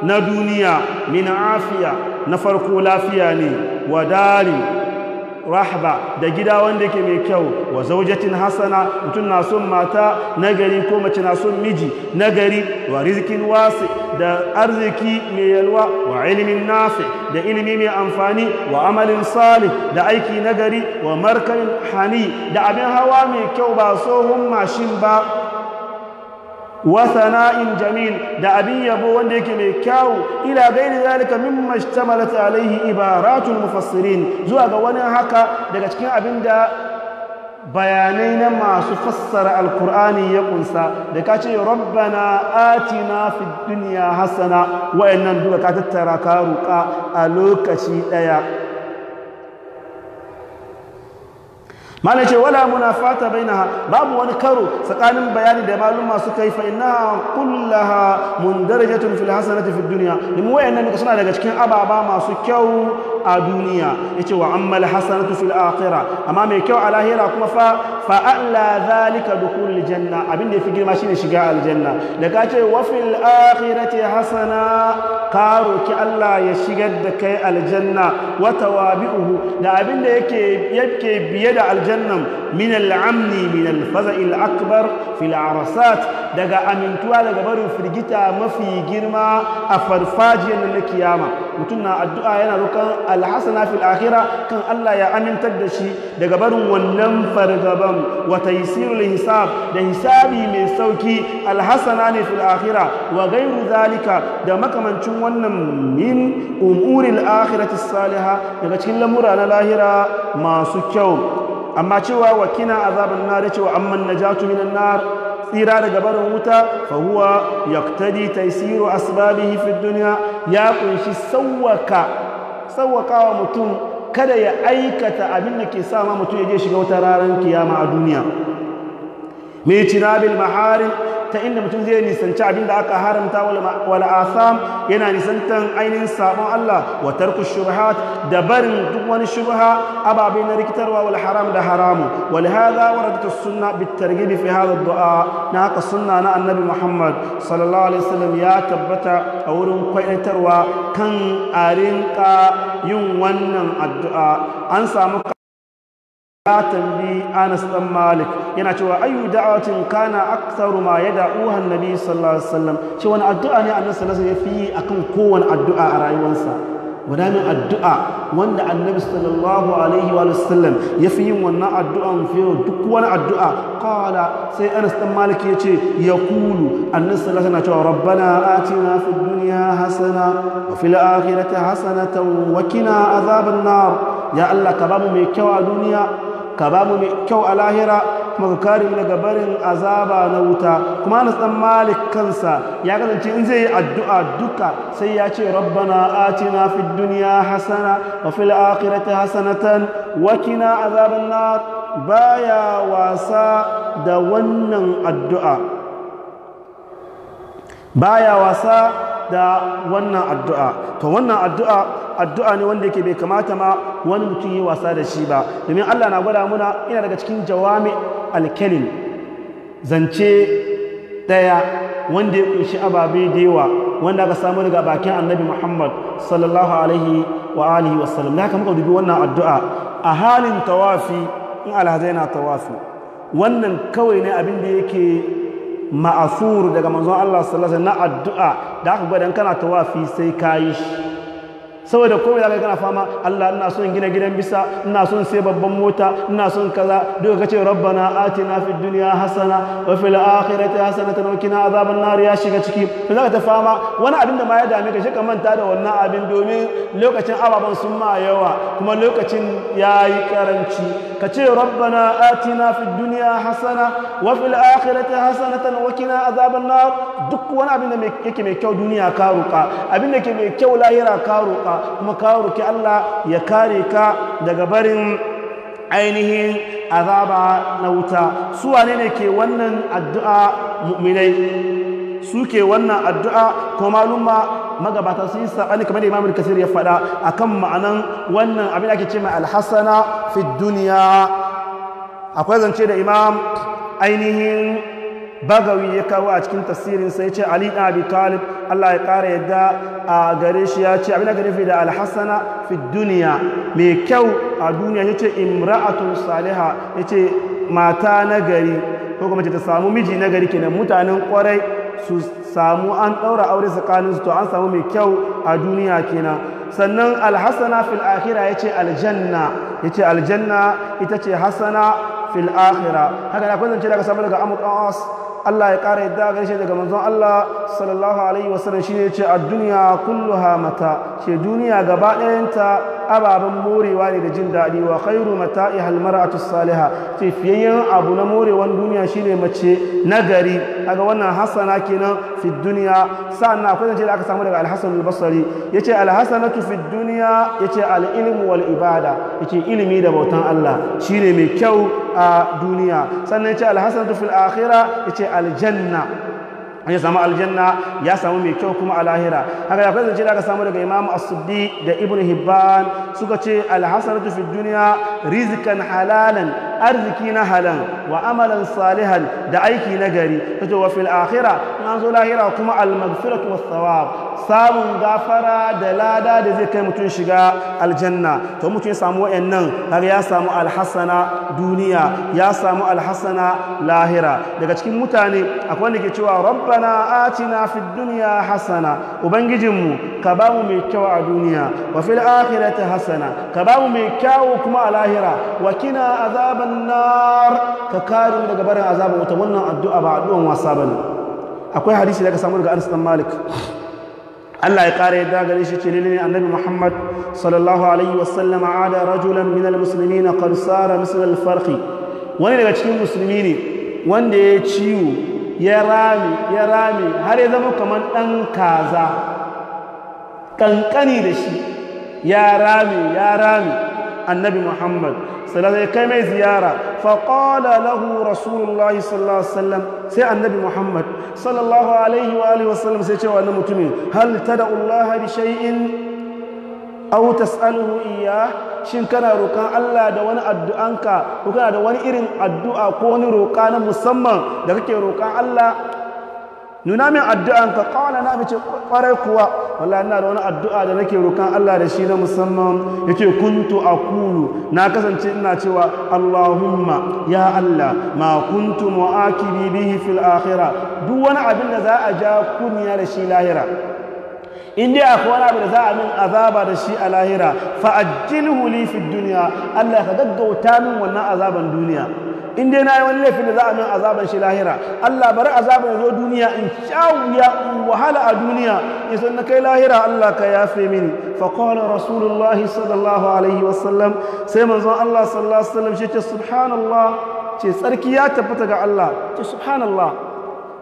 na duniya min afiya na farko lafiya ne wa dalil rahba da gida wanda ke mai kyau wa zaujatin hasana mutum na son mata nagari ko mace na son miji nagari wa rizikin wasi da arziki mai yalwa wa ilimin nafi da ilimi mai amfani wa amalin salih da aiki nagari wa markarin hani da abin hawa mai kyau ba tsohon mashin ba Wasana'in sana'in jamil da abin yabo wanda yake mai kyau ila gairi zalika mimma ishtamalat alaihi Ibaratun mufassirin zuwa ga wani haka daga cikin abin da bayanai na masu fassara alkur'ani ya ƙunsa, da ka ce rabbana atina fid dunya hasana wa'annan duka ka tattara ka ruka a lokaci ɗaya. mana ce wala munafata bainaha babu wani karo tsakanin bayani da maluma suka yi fa innaha kullaha mundarajatun fil hasanati fid dunya limu wayannan suna daga cikin ababa masu kyau a duniya yace wa ammal hasanatu fil akhirah amma mai kyau a lahira kuma fa fa alla zalika dukhulul janna abin da yafi girma ne shiga aljanna da ka ce wa ce ce hasana karo ki Allah ya shigar da kai aljanna wa uhu da abin da yake yake biye da aljannan min al'amni min al akbar fil daga amintuwa daga barin firgita mafi girma a farfajiyar na kiyama mutum na addu'a yana roƙon alhassana fil akhira kan Allah ya amintar da shi daga barin wannan fargaban wa taysirul hisab da hisabi mai sauki alhassana ne fil akhira wa ghayru zalika da makamancin wannan min umuril akhirati Saliha. daga cikin lamura na lahira masu kyau amma cewa wa kina azabin nar cewa amman na minan tsira daga barin wuta fa huwa yaqtadi taysiru asbabihi fi dunya ya kunshi sauwaka wa mutum kada ya aikata abin da ke sa ma mutum ya je shiga wata ranar kiyama a duniya mai cinabil maharin ta inda mutum zai nisanci abin da aka haramta wal asam yana nisantan ainihin sabon Allah wa tarku shubhat da barin duk wani shubha ababe na rikitarwa wal haram da haramu wal hadha waradat sunna bit targhib fi hadha du'a na haka sunna na annabi Muhammad sallallahu alaihi wasallam ya tabbata a wurin kwaitarwa kan arinka yin wannan addu'a an samu ya bi anas dan malik yana cewa ayu da'atin kana aktharu ma yad'uha annabi sallallahu alaihi wasallam ce wani addu'a ne annabi sallallahu alaihi wasallam ya fi akan kowane addu'a a rayuwarsa Wadannan addu'a wanda annabi sallallahu alaihi wa sallam ya fi yin wannan addu'an fiye duk wani addu'a qala sai anas dan malik ya ce yaqulu annabi sallallahu alaihi cewa rabbana atina fid dunya hasana wa fil akhirati hasanatan wa qina azaban nar ya allah ka ba mu mai kyau a duniya ka ba mu mai kyau a lahira kuma ka kare mu daga barin azaba na wuta kuma na dan Malik kansa ya kasance in zai yi addu'a duka sai ya ce rabbana atina fid dunya hasana wa fil akhirati hasanatan wa qina azaban nar baya wasa da wannan addu'a baya wasa da wannan addu'a to wannan addu'a addu'a ne wanda yake bai kamata ma wani mutum yi wasa da shi ba domin Allah na gwada muna ina daga cikin jawami alkalin zance daya wanda ya kunshi ababe da yawa wanda aka samu daga bakin annabi Muhammad sallallahu alaihi wa alihi wasallam haka muka dubi wannan addu'a a halin tawafi in alhazai na tawafi wannan kawai ne abin da yake ma'asuru daga manzon Allah sallallahu na addu'a da aka gwada kana tawafi sai kayi shi saboda komai da kai kana fama Allah ina son gina gidan bisa ina son sai babban mota ina son kaza duka kace rabbana atina fid dunya hasana wa fil akhirati hasana wa qina azaban nar ya shiga ciki to zaka ta fama wani abin da ma ya dame ka shi ka manta da wannan abin domin lokacin ababan sun ma yawa kuma lokacin yayi karanci ka ce rabbana atina fi duniya hasana wa fil akhirati hasanatan wa qina azaban nar duk wani abin da yake mai kyau duniya ka ruka abin da yake mai kyau lahira ka ruka kuma ka ruki Allah ya kare ka daga barin ainihin azaba na wuta su wane ne ke wannan addu'a mu'minai suke wannan addu'a ko malumma magabata sun yi sabani kamar da imamul kasir ya faɗa akan ma'anan wannan abin ake ce mai alhassana fi duniya akwai zance da imam ainihin bagawi ya kawo a cikin tasirin sai ce ali ɗan abi talib allah ya ƙara yadda a gare shi ya ce abin da nufi da alhassana fi duniya mai kyau a duniya ya ce imra'atun saliha ya ce mata nagari ko kuma ce ta samu miji nagari kenan mutanen kwarai su samu an ɗaura aure tsakanin su to an samu mai kyau a duniya kenan sannan alhassana fil Akira ya ce aljanna ya ce aljanna ita ce hassana fil Akira. haka na kwanzance ka samu daga amur Allah ya ƙara yadda gare shi daga manzon Allah sallallahu alaihi wasallam shi ne ce a duniya kulluha mata ce duniya gaba ɗayanta ababen morewa ne da jin daɗi wa kairu mata ihal mar'atu saliha ce fiyayyen abu na morewan duniya shi ne mace nagari daga wannan hasana kenan fi duniya sa'annan akwai zance da aka samu daga alhassan al-basri yace alhassanatu fi duniya yace al al'ilmu wal ibada ce ilimi da bautan Allah shi ne mai kyau a duniya sannan ya yace alhasanatu fil ya yace aljanna ya samu aljanna ya samu mai kyau kuma a lahira haka ya kwazance da aka samu daga Imam asuddi da ibn hibban suka ce alhassanatu fi duniya rizikan halalan arziki na halan wa amalan salihan da aiki na gari kace wa fil akhirah zo lahira kuma al maghfiratu was samun gafara da lada da zai kai mutun shiga aljanna to mutun ya samu wayannan har ya samu alhasana duniya ya samu alhasana lahira daga cikin mutane akwai wanda ke cewa rabbana atina fid dunya hasana ubangijinmu ka ba mu mai kyau a duniya wa fil akhirati hasana ka ba mu mai kyau kuma a lahira wa kina azaban azaban ka kare mu daga barin azabin wuta wannan addu'a ba addu'an wasa bane akwai hadisi daga ka samu daga Anas dan Malik Allah ya kare yadda gare shi ce lalle annabi Muhammad sallallahu alaihi wasallam ada rajulan min almuslimin qad misl alfarqi wani daga cikin musulmi ne wanda ya ciwo ya rami ya rami har ya zama kamar dan kaza kankani da shi ya rami ya rami annabi Muhammad sai kai mai ziyara faƙala lahu rasulullahi sallallahu alaihi wasallam sai annabi muhammad sallallahu alaihi wa alihi wasallam sai cewa na mutumin hal tada'ullaha bi shay'in aw tas'aluhu iya shin kana roƙon Allah da wani addu'anka ko kana da wani irin addu'a ko wani roƙa na musamman da kake roƙon Allah nuna min addu'an kawana na mace kwarai kuwa wallahi ina da wani addu'a da nake roƙon Allah da shi na musamman yake kuntu aqulu na kasance ina cewa Allahumma ya Allah ma kuntu mu'akibi bihi fil akhirah duk wani abin da za a ja kunya da shi lahira in dai akwai wani abu da za a min azaba da shi a lahira fa'ajjilhu li fi duniya, Allah ka gaggauta min wannan azaban duniya in dai yi wani laifin da za a min azaban shi lahira Allah bari azaban ya zo duniya in shawuya wahala a duniya idan na kai lahira Allah ka yafe mini fa qala rasulullahi sallallahu alaihi wasallam sai manzon Allah sallallahu alaihi wasallam shi ce subhanallah ce tsarki ya tabbata ga Allah ce subhanallah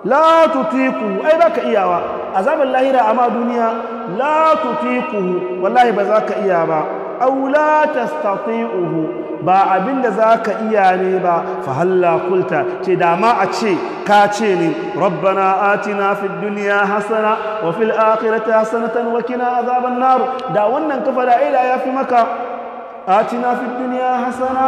la tutiku ai baka iyawa azabar lahira amma duniya la tutiquhu wallahi ba za ka iya ba aw la tastati'uhu ba abinda za ka iya ne ba fa halla kulta ce da ma a ce ka ce ne rabbana atina fid dunya hasana wa fil akhirati hasanatan wa qina azaban nar da wannan kafa da ila yafi maka atina fid dunya hasana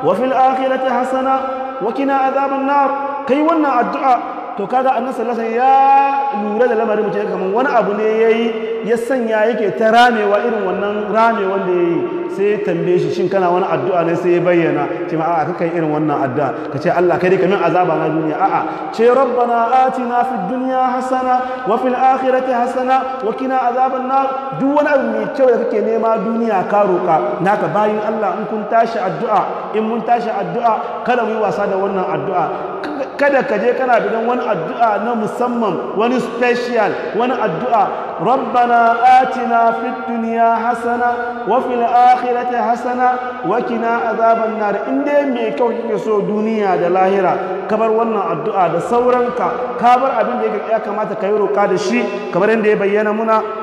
wa fil akhirati hasana wa qina azaban nar kai wannan addu'a to kaga annabi sallallahu alaihi ya lura da lamarin mutane kaman wani abu ne yayi ya sanya yake ta ramewa irin wannan rame wanda yayi sai ya tambaye shi shin kana wani addu'a ne sai ya bayyana ce ma a'a kakai irin wannan addu'a kace Allah kai min azaba na duniya a'a ce rabbana atina fid dunya hasana wa fil akhirati hasana wa kina azaban nar duk wani abu mai kyau da kake nema duniya ka roka naka bayin Allah in kun tashi addu'a in mun tashi addu'a kada mu yi wasa da wannan addu'a kada ka je kana bidan wani addu'a na musamman wani special wani addu'a rabbana atina fid duniya hasana wa fil akhirati hasana wa qina azaban nar inda mai kyau kike so duniya da lahira ka wannan addu'a da sauranka ka bar abin da ya kamata ka yi roka da shi kamar yadda ya bayyana muna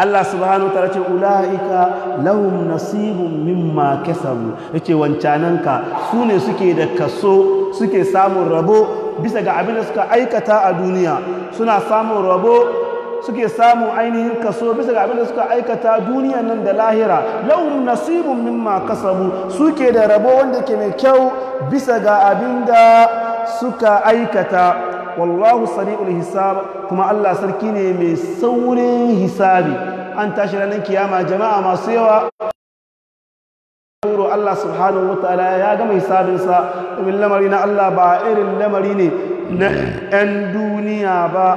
Allah subhanahu wa ta'ala ce ulaika lahum nasibun mimma kasabu yace wancananka su ne suke da kaso suke samun rabo bisa ga abin da suka aikata a duniya suna samun rabo suke samun ainihin kaso bisa ga abin da suka aikata duniya nan da lahira lahum nasibun mimma kasabu suke da rabo wanda ke mai kyau bisa ga abin da suka aikata wallahu sari'ul hisab kuma Allah sarki ne mai saurin hisabi an tashi ranar kiyama jama'a masu yawa Allah subhanahu wa ta'ala ya gama hisabinsa domin lamari na Allah ba irin lamari ne na 'yan duniya ba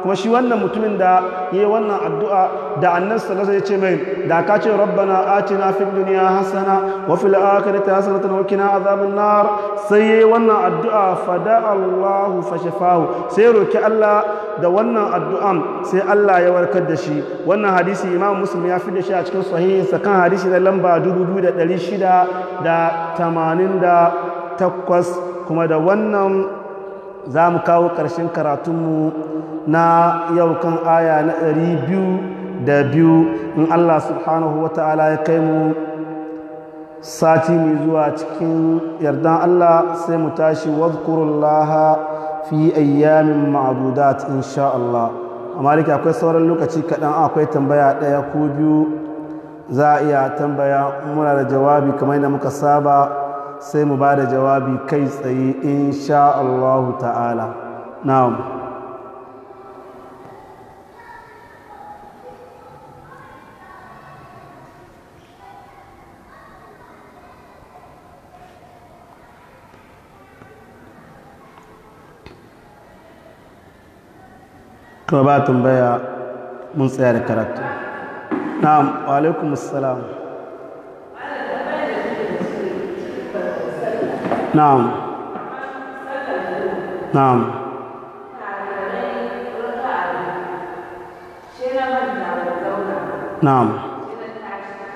kuma shi wannan mutumin da ya yi wannan addu'a da annan salasa ya ce mai da ka ce rabbana na fi duniya hasana wa fil akhirati hasanatan wa na azabin nar sai yi wannan addu'a fada Allahu fashafahu sai roki Allah da wannan addu'an sai Allah ya warkar da shi wannan hadisi Imam musulmi ya da shi a cikin sahihin kan hadisi na lamba takwas kuma da wannan za mu kawo ƙarshen karatunmu na yau kan aya na ɗari biyu da biyu in Allah subhanahu wa ta'ala ya kai mu sati mai zuwa cikin yardan Allah sai mu tashi wadkurullaha fi ayyamin ma'adudat insha Allah amma da akwai sauran lokaci kaɗan akwai tambaya ɗaya ko biyu za a iya tambaya muna da jawabi kamar yadda muka saba sai mu ba da jawabi kai tsaye insha Allah ta'ala na'am to ba tambaya mun tsaya da karatu na'am wa alaikumus na'am na'am na'am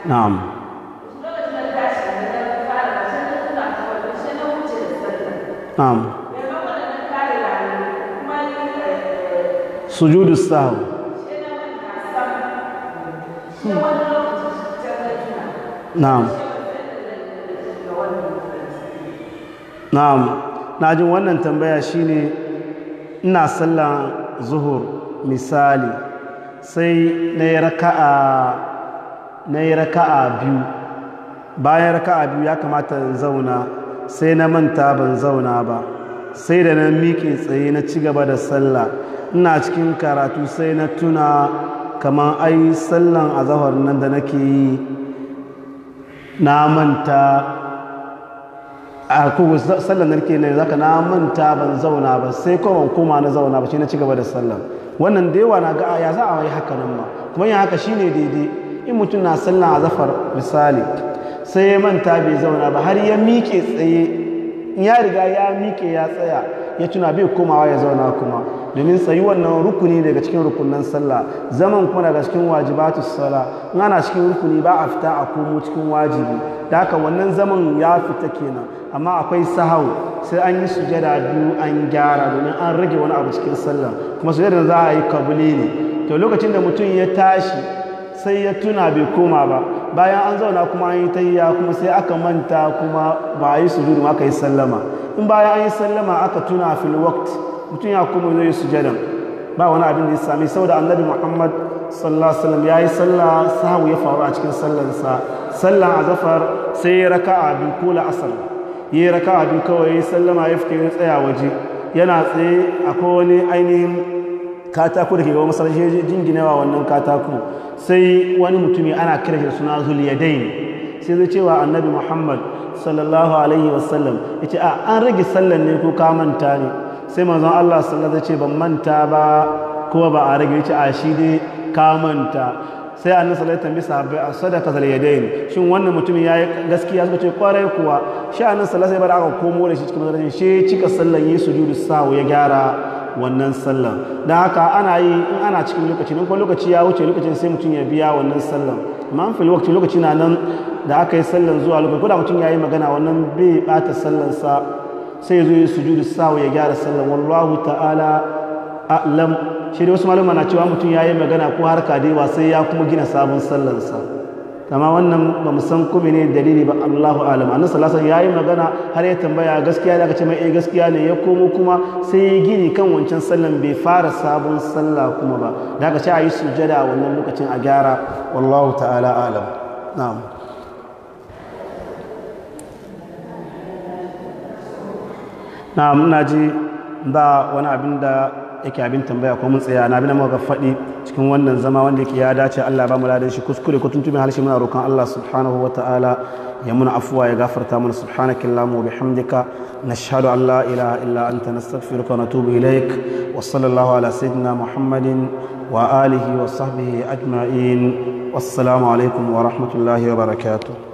na'am na'am sujudu sahu na'am na'am na jin wannan tambaya shine ina sallan zuhur misali sai na yi raka'a na biyu bayan raka'a biyu ya kamata in zauna sai na manta ban zauna ba sai da na miƙe tsaye na ci gaba da sallah ina cikin karatu sai na tuna kamar ai sallan azahar nan da nake yi na manta a kogo sallan narke ne zaka na manta ban zauna ba sai kuma koma na zauna ba shi na cigaba da sallan wannan da yawa na ga ya za a yi haka nan ma kuma yin haka shi ne daidai in mutum na sallan a zafar misali sai ya manta bai zauna ba har ya miƙe tsaye in ya riga ya miƙe ya tsaya ya tuna bai komawa ya zauna kuma domin tsayuwar nan rukuni daga cikin rukunan sallah zaman kuma daga cikin wajibatu sallah in ana cikin rukuni ba a fita a komo cikin wajibi da haka wannan zaman ya fita kenan amma akwai sahau sai an yi sujada biyu an gyara domin an rage wani abu cikin sallah kuma sujada za a yi kabuli ne to lokacin da mutum ya tashi sai ya tuna bai koma ba bayan an zauna kuma an yi tayya kuma sai aka manta kuma ba a yi sujudu ma aka yi sallama in bayan an yi sallama aka tuna fil waqt mutum ya kuma zai su sujada ba wani abin da ya sami saboda annabi muhammad sallallahu alaihi wasallam yayi sallah sahu ya faru a cikin sallansa sallan azafar sai ya a abin ko la'asar ya a abin kawai ya yi sallama ya fita ya tsaya waje yana tsaye akwai wani ainihin katako da ke gaba masallaci ya jinginawa wannan katako sai wani mutumi ana kira shi suna zuliyadain sai zai cewa annabi muhammad sallallahu alaihi wasallam ya ce a an rage sallan ne ko ka manta ne sai mazan allah sallallahu ce ban manta ba kuma ba a rage ya ce a shi dai ka manta sai an nasa alaihi bisa ya a sadaka zuliyadain shin wannan mutumin yi gaskiya suka ce kwarai kuwa shi annabi sallallahu alaihi ya bar aka komo da shi cikin masallaci shi cika sallan yi su sahu ya gyara wannan sallan da haka ana yi in ana cikin lokaci nan ko lokaci ya wuce lokacin sai mutum ya biya wannan sallan amma an lokaci na nan da aka yi sallan zuwa lokaci ko da mutum ya yi magana wannan bai bata sallansa sai zo yi sujudu sawu ya gyara sallan wallahu ta'ala a'lam shi dai wasu malama na cewa mutum ya yi magana ko harka dai sai ya kuma gina sabon sallansa amma wannan ba mu san kuma ne dalili ba Allahu alam annabi sallallahu alaihi yayi magana har ya tambaya gaskiya da aka ce mai eh gaskiya ne ya komo kuma sai ya gini kan wancan sallan bai fara sabon sallah kuma ba da aka ce ayi sujada wannan lokacin a gyara wallahu ta'ala alam na'am na'am ina ji ba wani abin da yake abin tambaya ko mun tsaya na bi na muka faɗi cikin wannan zama wanda yake ya dace Allah ba mu ladan shi kuskure ko tuntuɓin harshe muna roƙon Allah subhanahu wa ta'ala ya muna afuwa ya gafarta mana subhanaka allahumma wa bihamdika nashhadu an la ilaha illa anta nastaghfiruka wa natubu ilaik wa sallallahu ala sayyidina muhammadin wa alihi wa sahbihi ajma'in wassalamu alaikum wa rahmatullahi wa barakatuh